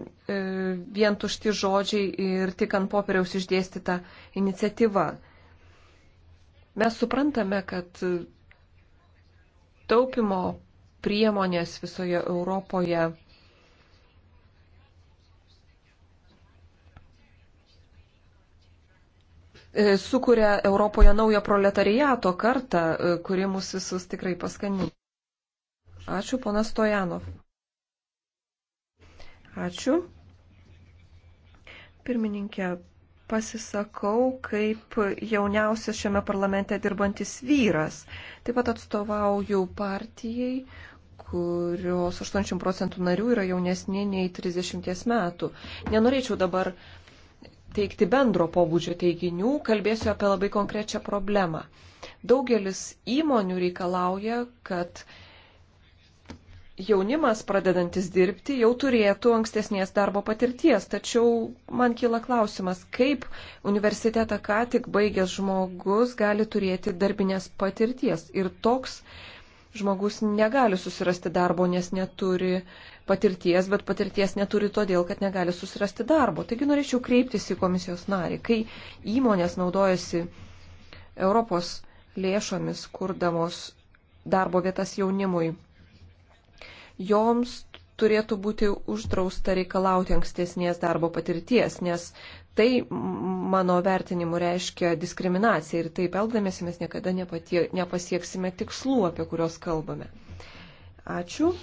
vien tušti žodžiai ir tik ant popieriaus išdėstyta iniciatyva. Mes suprantame, kad taupimo priemonės visoje Europoje. E, sukuria Europoje naują proletariato kartą, e, kuri mus visus tikrai paskandina. Ačiū, ponas Stojanov. Ačiū. Pirmininkė, pasisakau kaip jauniausias šiame parlamente dirbantis vyras. Taip pat atstovauju partijai, kurios 80 procentų narių yra jaunesni nei 30 metų. Nenorėčiau dabar teikti bendro pobūdžio teiginių, kalbėsiu apie labai konkrečią problemą. Daugelis įmonių reikalauja, kad jaunimas pradedantis dirbti jau turėtų ankstesnės darbo patirties, tačiau man kyla klausimas, kaip universitetą ką tik baigęs žmogus gali turėti darbinės patirties. Ir toks žmogus negali susirasti darbo, nes neturi patirties, bet patirties neturi todėl, kad negali susirasti darbo. Taigi norėčiau kreiptis į komisijos narį. Kai įmonės naudojasi Europos lėšomis, kurdamos darbo vietas jaunimui, joms turėtų būti uždrausta reikalauti ankstesnės darbo patirties, nes tai mano vertinimu reiškia diskriminaciją ir taip elgdamėsi mes niekada nepatie, nepasieksime tikslų, apie kuriuos kalbame. Ačiū.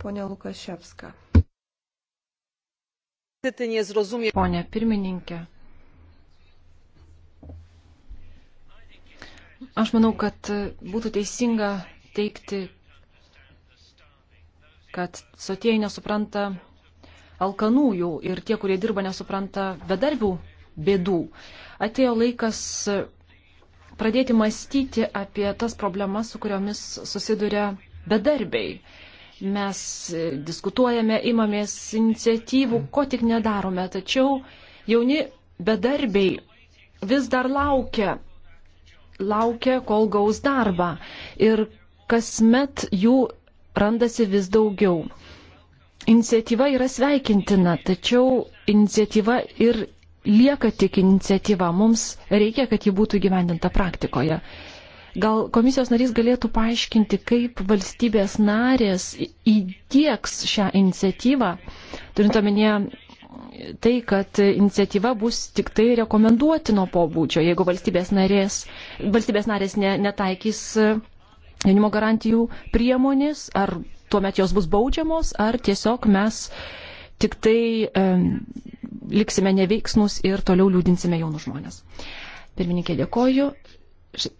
Pone Lukaševska.
Pone pirmininkė. Aš manau, kad būtų teisinga teikti, kad sotieji nesupranta alkanųjų ir tie, kurie dirba, nesupranta bedarbių bėdų. Atėjo laikas pradėti mąstyti apie tas problemas, su kuriomis susiduria bedarbiai. Mes diskutuojame, imamės iniciatyvų, ko tik nedarome, tačiau jauni bedarbiai vis dar laukia, laukia, kol gaus darbą. Ir kasmet jų randasi vis daugiau. Iniciatyva yra sveikintina, tačiau iniciatyva ir lieka tik iniciatyva. Mums reikia, kad ji būtų gyvendinta praktikoje. Gal komisijos narys galėtų paaiškinti, kaip valstybės narės įdėks šią iniciatyvą, turint omenyje tai, kad iniciatyva bus tik tai rekomenduotino pobūdžio, jeigu valstybės narės, valstybės narės ne, netaikys e, jaunimo garantijų priemonės ar tuomet jos bus baudžiamos, ar tiesiog mes tik tai e, liksime neveiksnus ir toliau liūdinsime jaunus žmonės. Pirmininkė, dėkoju.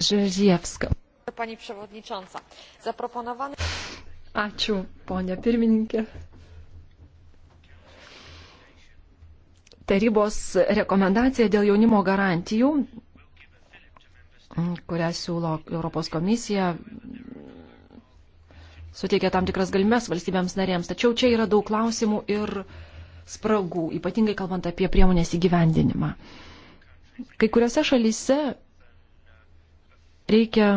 Žerzievska. Ačiū, ponė pirmininkė. Tarybos rekomendacija dėl jaunimo garantijų kurią siūlo Europos komisija, suteikia tam tikras galimės valstybėms narėms. Tačiau čia yra daug klausimų ir spragų, ypatingai kalbant apie priemonės įgyvendinimą. Kai kuriuose šalyse reikia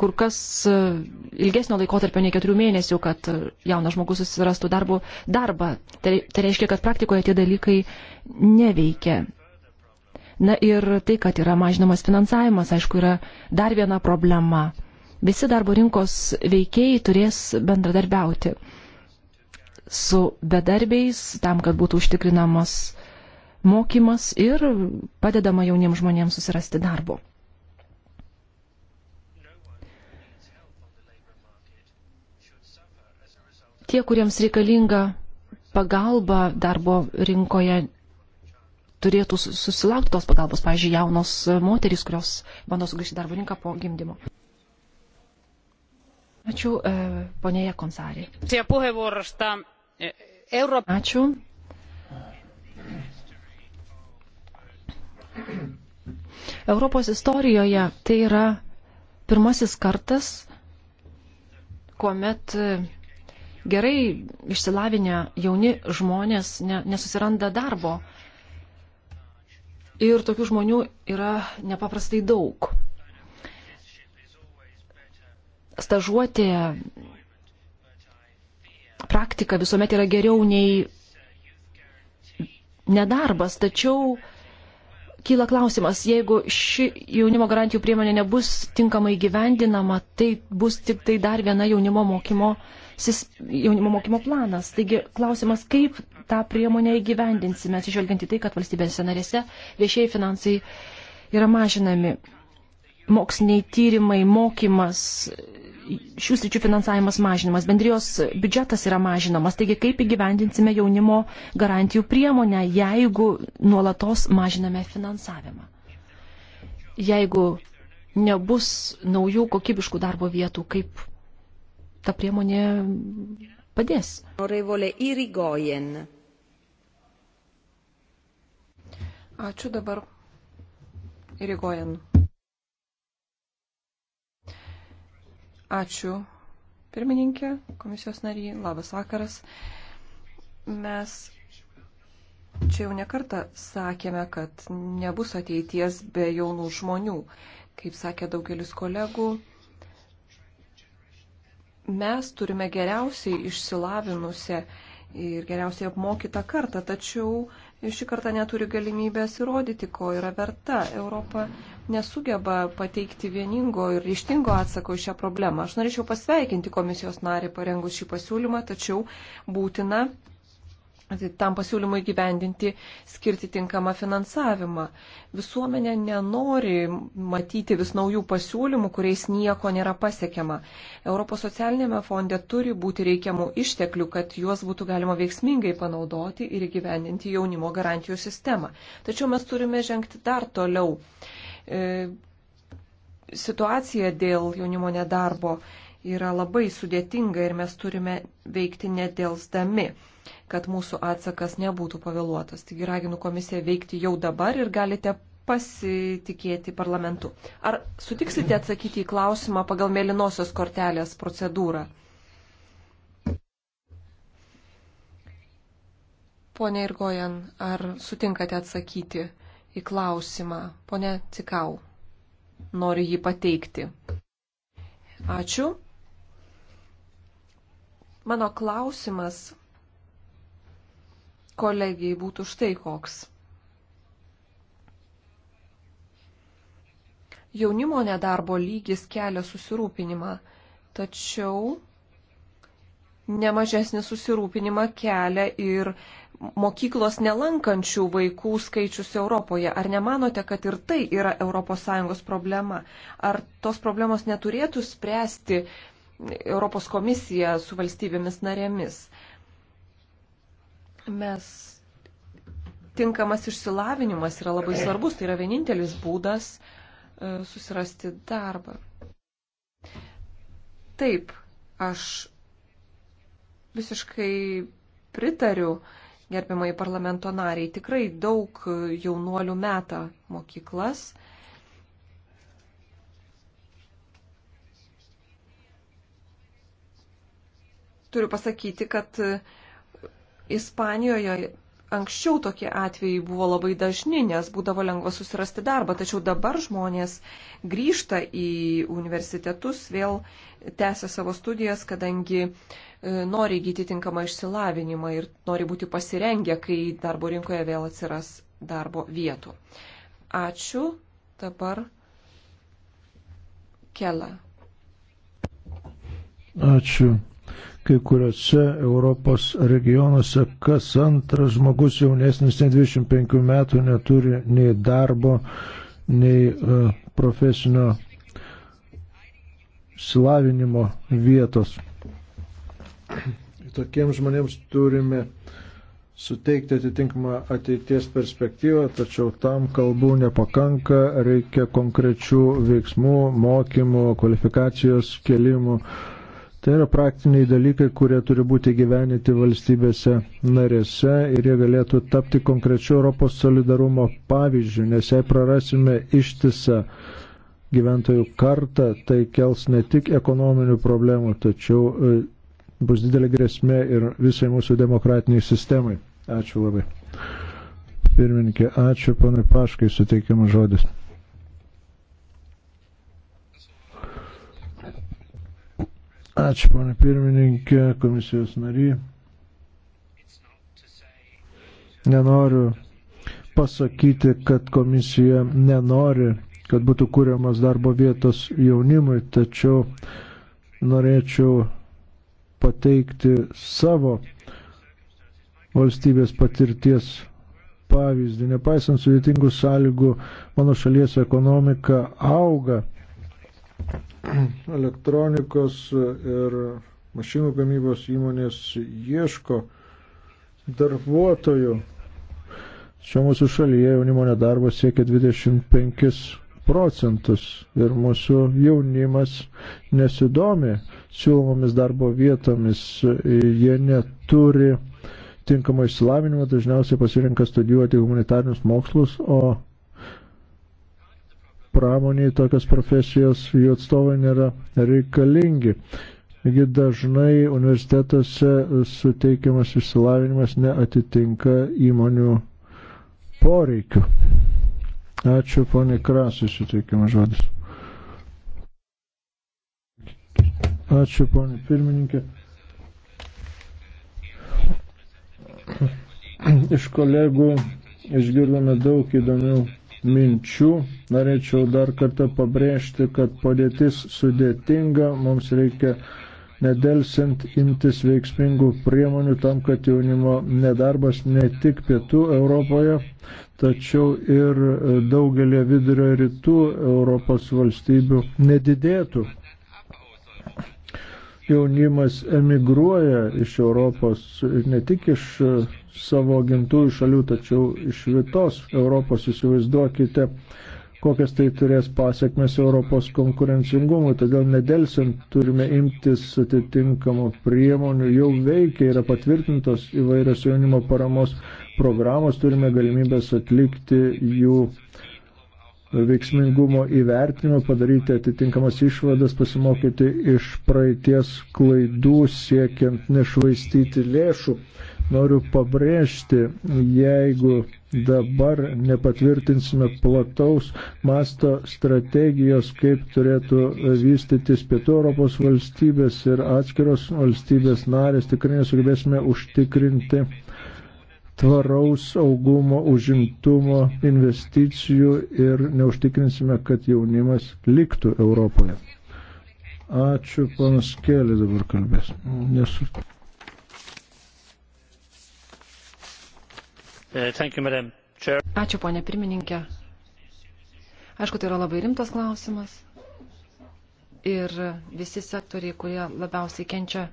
kur kas ilgesnio laikotarpio nei keturių mėnesių, kad jaunas žmogus susirastų darbo, darbą. Tai, tai reiškia, kad praktikoje tie dalykai neveikia. Na ir tai, kad yra mažinamas finansavimas, aišku, yra dar viena problema visi darbo rinkos veikėjai turės bendradarbiauti su bedarbiais tam, kad būtų užtikrinamas mokymas ir padedama jauniems žmonėms susirasti darbo. Tie, kuriems reikalinga pagalba darbo rinkoje, turėtų susilaukti tos pagalbos, pavyzdžiui, jaunos moterys, kurios bando sugrįžti darbo rinką po gimdymo. Ačiū, e, ponė Jekonsarė.
E,
Ačiū. Europos istorijoje tai yra pirmasis kartas, kuomet e, gerai išsilavinę jauni žmonės ne, nesusiranda darbo. Ir tokių žmonių yra nepaprastai daug stažuotė, praktika visuomet yra geriau nei nedarbas, tačiau kyla klausimas, jeigu ši jaunimo garantijų priemonė nebus tinkamai gyvendinama, tai bus tik tai dar viena jaunimo mokymo, jaunimo mokymo planas. Taigi klausimas, kaip tą priemonę įgyvendinsime, atsižvelgiant į tai, kad valstybėse narėse viešieji finansai yra mažinami moksliniai tyrimai, mokymas, šių sričių finansavimas mažinimas, bendrijos biudžetas yra mažinamas. Taigi kaip įgyvendinsime jaunimo garantijų priemonę, jeigu nuolatos mažiname finansavimą? Jeigu nebus naujų kokybiškų darbo vietų, kaip ta priemonė padės?
Ačiū dabar. Irigoyen. Ačiū, pirmininkė, komisijos nariai, labas vakaras. Mes čia jau nekartą sakėme, kad nebus ateities be jaunų žmonių. Kaip sakė daugelis kolegų, mes turime geriausiai išsilavinusią ir geriausiai apmokytą kartą, tačiau uh, šį kartą neturi galimybės įrodyti, ko yra verta. Europa nesugeba pateikti vieningo ir ryštingo atsako į šią problemą. Aš norėčiau pasveikinti komisijos narį parengus šį pasiūlymą, tačiau būtina Tai tam pasiūlymui gyvendinti skirti tinkamą finansavimą. Visuomenė nenori matyti vis naujų pasiūlymų, kuriais nieko nėra pasiekiama. Europos socialinėme fonde turi būti reikiamų išteklių, kad juos būtų galima veiksmingai panaudoti ir gyvendinti jaunimo garantijų sistemą. Tačiau mes turime žengti dar toliau. E, situacija dėl jaunimo nedarbo yra labai sudėtinga ir mes turime veikti nedėlsdami kad mūsų atsakas nebūtų pavėluotas. Taigi raginu komisiją veikti jau dabar ir galite pasitikėti parlamentu. Ar sutiksite atsakyti į klausimą pagal mėlynosios kortelės procedūrą? Pone Irgojan, ar sutinkate atsakyti į klausimą? Pone Cikau, noriu jį pateikti. Ačiū. Mano klausimas kolegijai būtų štai koks. Jaunimo nedarbo lygis kelia susirūpinimą, tačiau nemažesnį susirūpinimą kelia ir mokyklos nelankančių vaikų skaičius Europoje. Ar nemanote, kad ir tai yra ES problema? Ar tos problemos neturėtų spręsti Europos komisija su valstybėmis narėmis? Mes tinkamas išsilavinimas yra labai svarbus, tai yra vienintelis būdas e, susirasti darbą. Taip, aš visiškai pritariu gerbiamai parlamento nariai. Tikrai daug jaunuolių meta mokyklas. Turiu pasakyti, kad Ispanijoje anksčiau tokie atvejai buvo labai dažni, nes būdavo lengva susirasti darbą, tačiau dabar žmonės grįžta į universitetus, vėl tęsia savo studijas, kadangi e, nori įgyti tinkamą išsilavinimą ir nori būti pasirengę, kai darbo rinkoje vėl atsiras darbo vietų. Ačiū. Dabar Kela.
Ačiū kai kuriuose Europos regionuose kas antras žmogus jaunesnis nei 25 metų neturi nei darbo, nei e, profesinio slavinimo vietos. Tokiems žmonėms turime suteikti atitinkamą ateities perspektyvą, tačiau tam kalbų nepakanka, reikia konkrečių veiksmų, mokymų, kvalifikacijos kelimų Tai yra praktiniai dalykai, kurie turi būti gyvenyti valstybėse narėse ir jie galėtų tapti konkrečiu Europos solidarumo pavyzdžiu, nes jei prarasime ištisą gyventojų kartą, tai kels ne tik ekonominių problemų, tačiau e, bus didelė grėsmė ir visai mūsų demokratiniai sistemai. Ačiū labai. Pirmininkė, ačiū, panai Paškai, suteikiamas žodis. Ačiū, ponė pirmininkė, komisijos nary. Nenoriu pasakyti, kad komisija nenori, kad būtų kūriamas darbo vietos jaunimui, tačiau norėčiau pateikti savo valstybės patirties pavyzdį. Nepaisant sudėtingų sąlygų, mano šalies ekonomika auga elektronikos ir mašinų gamybos įmonės ieško darbuotojų. Čia mūsų šalyje jaunimo nedarbas siekia 25 procentus ir mūsų jaunimas nesidomi siūlomomis darbo vietomis. Jie neturi tinkamo išsilavinimo, dažniausiai pasirinka studijuoti humanitarinius mokslus, o pramoniai tokios profesijos jų atstovai nėra reikalingi. Taigi dažnai universitetuose suteikiamas išsilavinimas neatitinka įmonių poreikių. Ačiū, ponė Krasui, suteikiamas žodis. Ačiū, ponė pirmininkė. Iš kolegų išgirdome daug įdomių minčių. Norėčiau dar kartą pabrėžti, kad padėtis sudėtinga, mums reikia nedelsiant imtis veiksmingų priemonių tam, kad jaunimo nedarbas ne tik pietų Europoje, tačiau ir daugelį vidurio rytų Europos valstybių nedidėtų. Jaunimas emigruoja iš Europos, ne tik iš savo gimtųjų šalių, tačiau iš vietos Europos įsivaizduokite, kokias tai turės pasiekmes Europos konkurencingumui. Todėl nedelsiant turime imtis atitinkamų priemonių. Jau veikia, yra patvirtintos įvairios jaunimo paramos programos, turime galimybės atlikti jų veiksmingumo įvertinimą, padaryti atitinkamas išvadas, pasimokyti iš praeities klaidų, siekiant nešvaistyti lėšų Noriu pabrėžti, jeigu dabar nepatvirtinsime plataus masto strategijos, kaip turėtų vystytis Pietų Europos valstybės ir atskiros valstybės narės, tikrai nesugebėsime užtikrinti tvaraus augumo, užimtumo, investicijų ir neužtikrinsime, kad jaunimas liktų Europoje. Ačiū, panas Kėlė dabar kalbės. Nesu.
Uh,
Ačiū, ponė pirmininkė. Aišku, tai yra labai rimtas klausimas. Ir visi sektoriai, kurie labiausiai kenčia,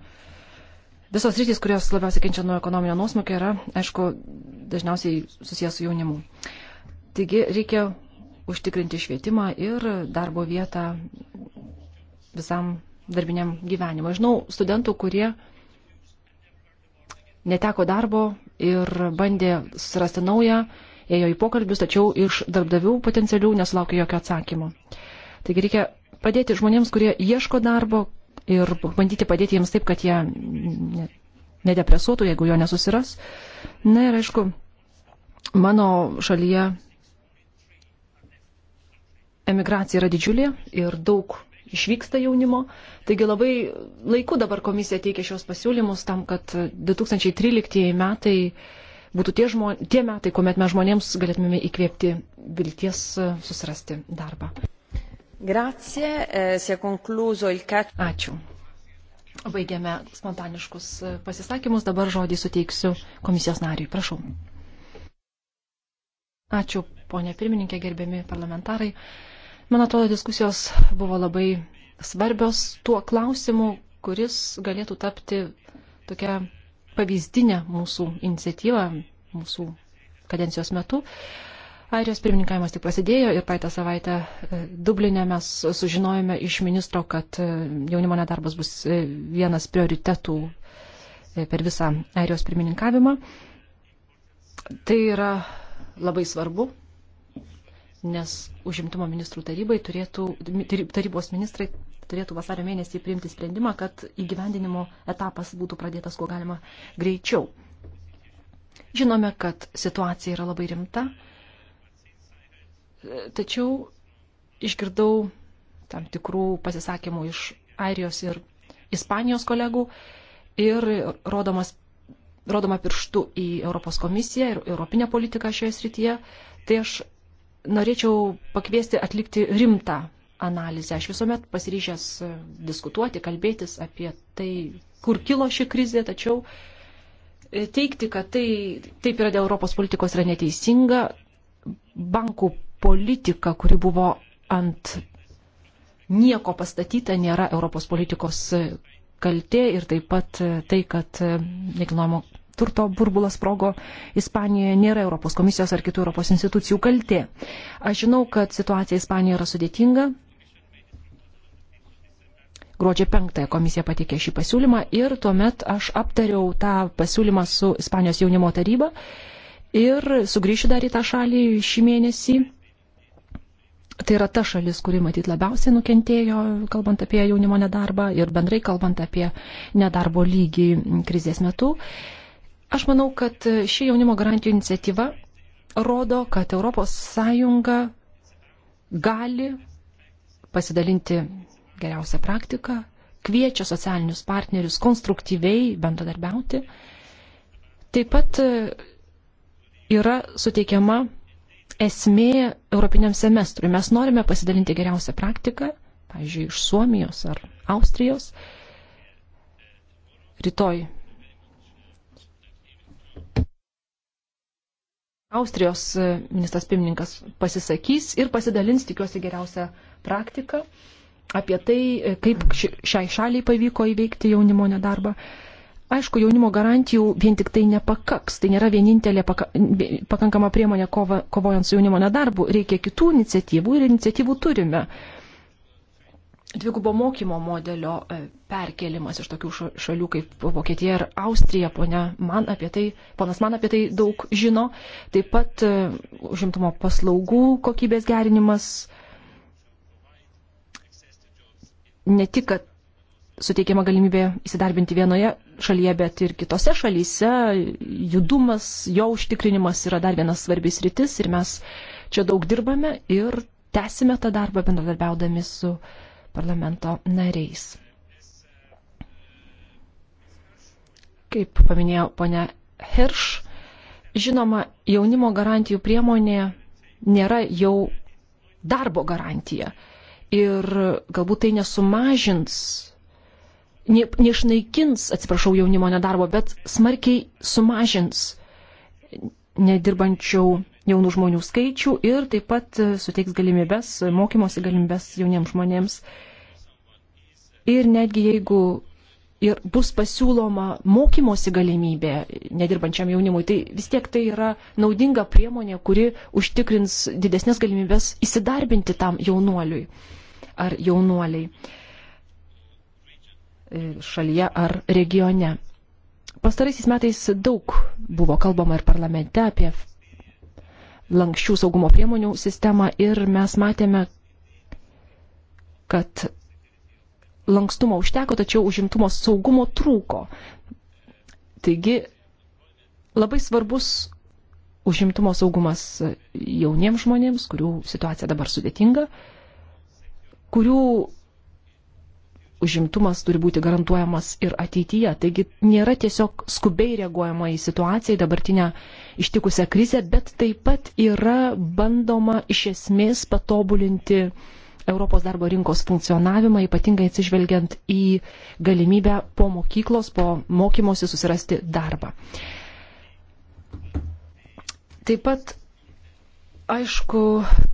visos rytis, kurios labiausiai kenčia nuo ekonominio nuosmukio, yra, aišku, dažniausiai susijęs su jaunimu. Taigi reikia užtikrinti švietimą ir darbo vietą visam darbiniam gyvenimui. Žinau studentų, kurie neteko darbo ir bandė susirasti naują, ėjo į pokalbius, tačiau iš darbdavių potencialių nesulaukė jokio atsakymo. Taigi reikia padėti žmonėms, kurie ieško darbo ir bandyti padėti jiems taip, kad jie nedepresuotų, jeigu jo nesusiras. Na ir aišku, mano šalyje emigracija yra didžiulė ir daug išvyksta jaunimo. Taigi labai laiku dabar komisija teikia šios pasiūlymus tam, kad 2013 metai būtų tie, žmon, tie metai, kuomet mes žmonėms galėtume įkvėpti vilties e, susirasti darbą. Grazie, e, si è concluso il catch. Ačiū. Baigiame spontaniškus e, pasisakymus. Dabar žodį suteiksiu komisijos nariui. Prašau. Ačiū, ponė pirmininkė, gerbiami parlamentarai. Man atrodo, diskusijos buvo labai svarbios tuo klausimu, kuris galėtų tapti tokia pavyzdinė mūsų iniciatyva, mūsų kadencijos metu. Airijos pirmininkavimas tik prasidėjo ir praeitą savaitę e, Dublinė mes sužinojome iš ministro, kad e, jaunimo nedarbas bus e, vienas prioritetų per visą Airijos pirmininkavimą. Tai yra labai svarbu, nes užimtumo ministrų tarybai turėtų, tarybos ministrai turėtų vasario mėnesį priimti sprendimą, kad įgyvendinimo etapas būtų pradėtas kuo galima greičiau. Žinome, kad situacija yra labai rimta, tačiau išgirdau tam tikrų pasisakymų iš Airijos ir Ispanijos kolegų ir rodomas, rodoma pirštu į Europos komisiją ir Europinę politiką šioje srityje, tai aš norėčiau pakviesti atlikti rimtą analizę. Aš visuomet pasiryžęs diskutuoti, kalbėtis apie tai, kur kilo ši krizė, tačiau e, teikti, kad tai taip yra dėl Europos politikos yra neteisinga. Bankų politika, kuri buvo ant nieko pastatyta, nėra Europos politikos e, kaltė ir taip pat e, tai, kad nekilnojamo turto burbulas sprogo Ispanijoje nėra Europos komisijos ar kitų Europos institucijų kaltė. Aš žinau, kad situacija Ispanijoje yra sudėtinga. Gruodžio 5 komisija patikė šį pasiūlymą ir tuomet aš aptariau tą pasiūlymą su Ispanijos jaunimo taryba ir sugrįšiu dar į tą šalį šį mėnesį. Tai yra ta šalis, kuri matyt labiausiai nukentėjo, kalbant apie jaunimo nedarbą ir bendrai kalbant apie nedarbo lygį krizės metu. Uh, Aš manau, kad ši jaunimo garantijų iniciatyva rodo, kad ES gali pasidalinti geriausią praktiką, kviečia socialinius partnerius konstruktyviai bendradarbiauti. Taip pat yra suteikiama esmė Europiniam semestrui. Mes norime pasidalinti geriausią praktiką, pavyzdžiui, iš Suomijos ar Austrijos. Rytoj Austrijos e, ministras pirmininkas pasisakys ir pasidalins, tikiuosi, geriausią praktiką apie tai, e, kaip šiai šaliai pavyko įveikti jaunimo nedarbą. Aišku, jaunimo garantijų vien tik tai nepakaks. Tai nėra vienintelė paka, pakankama priemonė kova, kovojant su jaunimo nedarbu. Reikia kitų iniciatyvų ir iniciatyvų turime dvigubo mokymo modelio e, perkelimas iš tokių šalių kaip Vokietija ir Austrija. Pone man apie tai, ponas man apie tai daug žino. Taip pat e, užimtumo paslaugų kokybės gerinimas. Ne tik, kad suteikiama galimybė įsidarbinti vienoje šalyje, bet ir kitose šalyse judumas, jo užtikrinimas yra dar vienas svarbis rytis ir mes čia daug dirbame ir tęsime tą darbą bendradarbiaudami su uh, parlamento nariais. Kaip paminėjo ponia Hirš, žinoma, jaunimo garantijų priemonė nėra jau darbo garantija. Ir galbūt tai nesumažins, ne, neišnaikins, atsiprašau, jaunimo nedarbo, bet smarkiai sumažins nedirbančių jaunų žmonių skaičių ir taip pat e, suteiks galimybės, mokymosi galimybės jauniems žmonėms. Ir netgi jeigu ir bus pasiūloma mokymosi galimybė nedirbančiam jaunimui, tai vis tiek tai yra naudinga priemonė, kuri užtikrins didesnės galimybės įsidarbinti tam jaunuoliui ar jaunuoliai e, šalyje ar regione. Pastaraisiais metais daug buvo kalbama ir parlamente apie lankščių saugumo priemonių sistemą ir mes matėme, kad lankstumo užteko, tačiau užimtumo saugumo trūko. Taigi labai svarbus užimtumo saugumas jauniems žmonėms, kurių situacija dabar sudėtinga, kurių užimtumas turi būti garantuojamas ir ateityje. Taigi nėra tiesiog skubiai reaguojama į situaciją, į dabartinę ištikusią krizę, bet taip pat yra bandoma iš esmės patobulinti Europos darbo rinkos funkcionavimą, ypatingai atsižvelgiant į galimybę po mokyklos, po mokymosi susirasti darbą. Taip pat Aišku,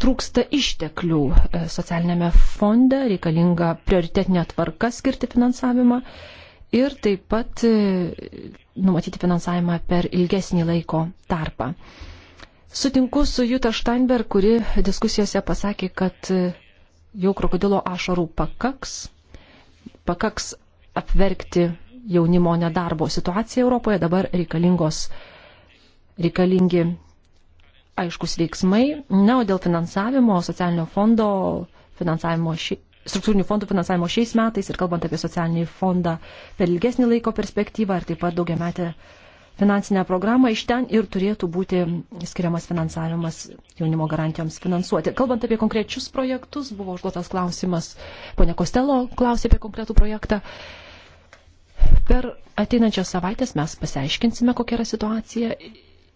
trūksta išteklių e, socialinėme fonde, reikalinga prioritetinė tvarka skirti finansavimą ir taip pat e, numatyti finansavimą per ilgesnį laiko tarpą. Sutinku su Jutta Steinberg, kuri diskusijose pasakė, kad e, jau krokodilo ašarų pakaks, pakaks apverkti jaunimo nedarbo situaciją Europoje, dabar reikalingos, reikalingi aiškus veiksmai. Na, o dėl finansavimo, socialinio fondo finansavimo ši, struktūrinių fondų finansavimo šiais metais ir kalbant apie socialinį fondą per ilgesnį laiko perspektyvą ir taip pat daugiametę finansinę programą, iš ten ir turėtų būti skiriamas finansavimas jaunimo garantijoms finansuoti. Kalbant apie konkrečius projektus, buvo užduotas klausimas, ponė Kostelo klausė apie konkretų projektą. Per ateinančias savaitės mes pasiaiškinsime, kokia yra situacija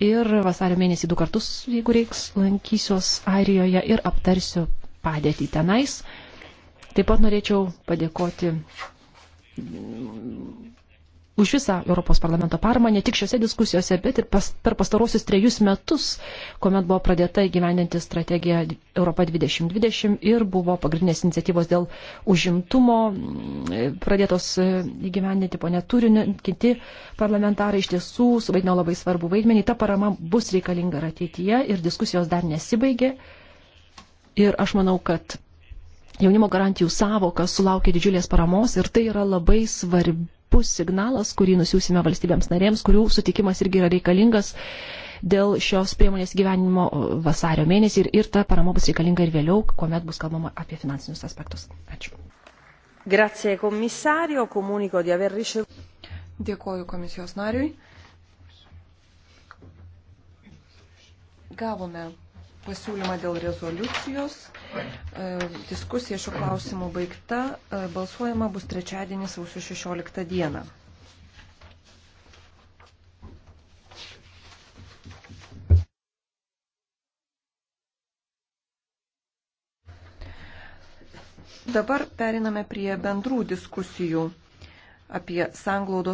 ir vasario mėnesį du kartus, jeigu reiks, lankysiuos Airijoje ir aptarsiu padėtį tenais. Taip pat norėčiau padėkoti už visą Europos parlamento paramą, ne tik šiose diskusijose, bet ir pas, per pastarosius trejus metus, kuomet buvo pradėta įgyvendinti strategija Europa 2020 ir buvo pagrindinės iniciatyvos dėl užimtumo mm, pradėtos e, įgyvendinti, ponė Turinė, kiti parlamentarai iš tiesų suvaidino labai svarbu vaidmenį. Ta parama bus reikalinga ir ateityje ir diskusijos dar nesibaigė. Ir aš manau, kad jaunimo garantijų savoka sulaukė didžiulės paramos ir tai yra labai svarbi svarbus signalas, kurį nusiųsime valstybėms narėms, kurių sutikimas irgi yra reikalingas dėl šios priemonės gyvenimo vasario mėnesį ir, ir ta parama bus reikalinga ir vėliau, kuomet bus kalbama apie finansinius aspektus. Ačiū.
Grazie, komisario, komuniko di aver ricevuto. Dėkoju komisijos nariui. Gavome pasiūlymą dėl rezoliucijos. E, diskusija šiuo klausimu baigta. E, balsuojama bus trečiadienį sausio 16 dieną. Dabar periname prie bendrų diskusijų apie sanglaudos.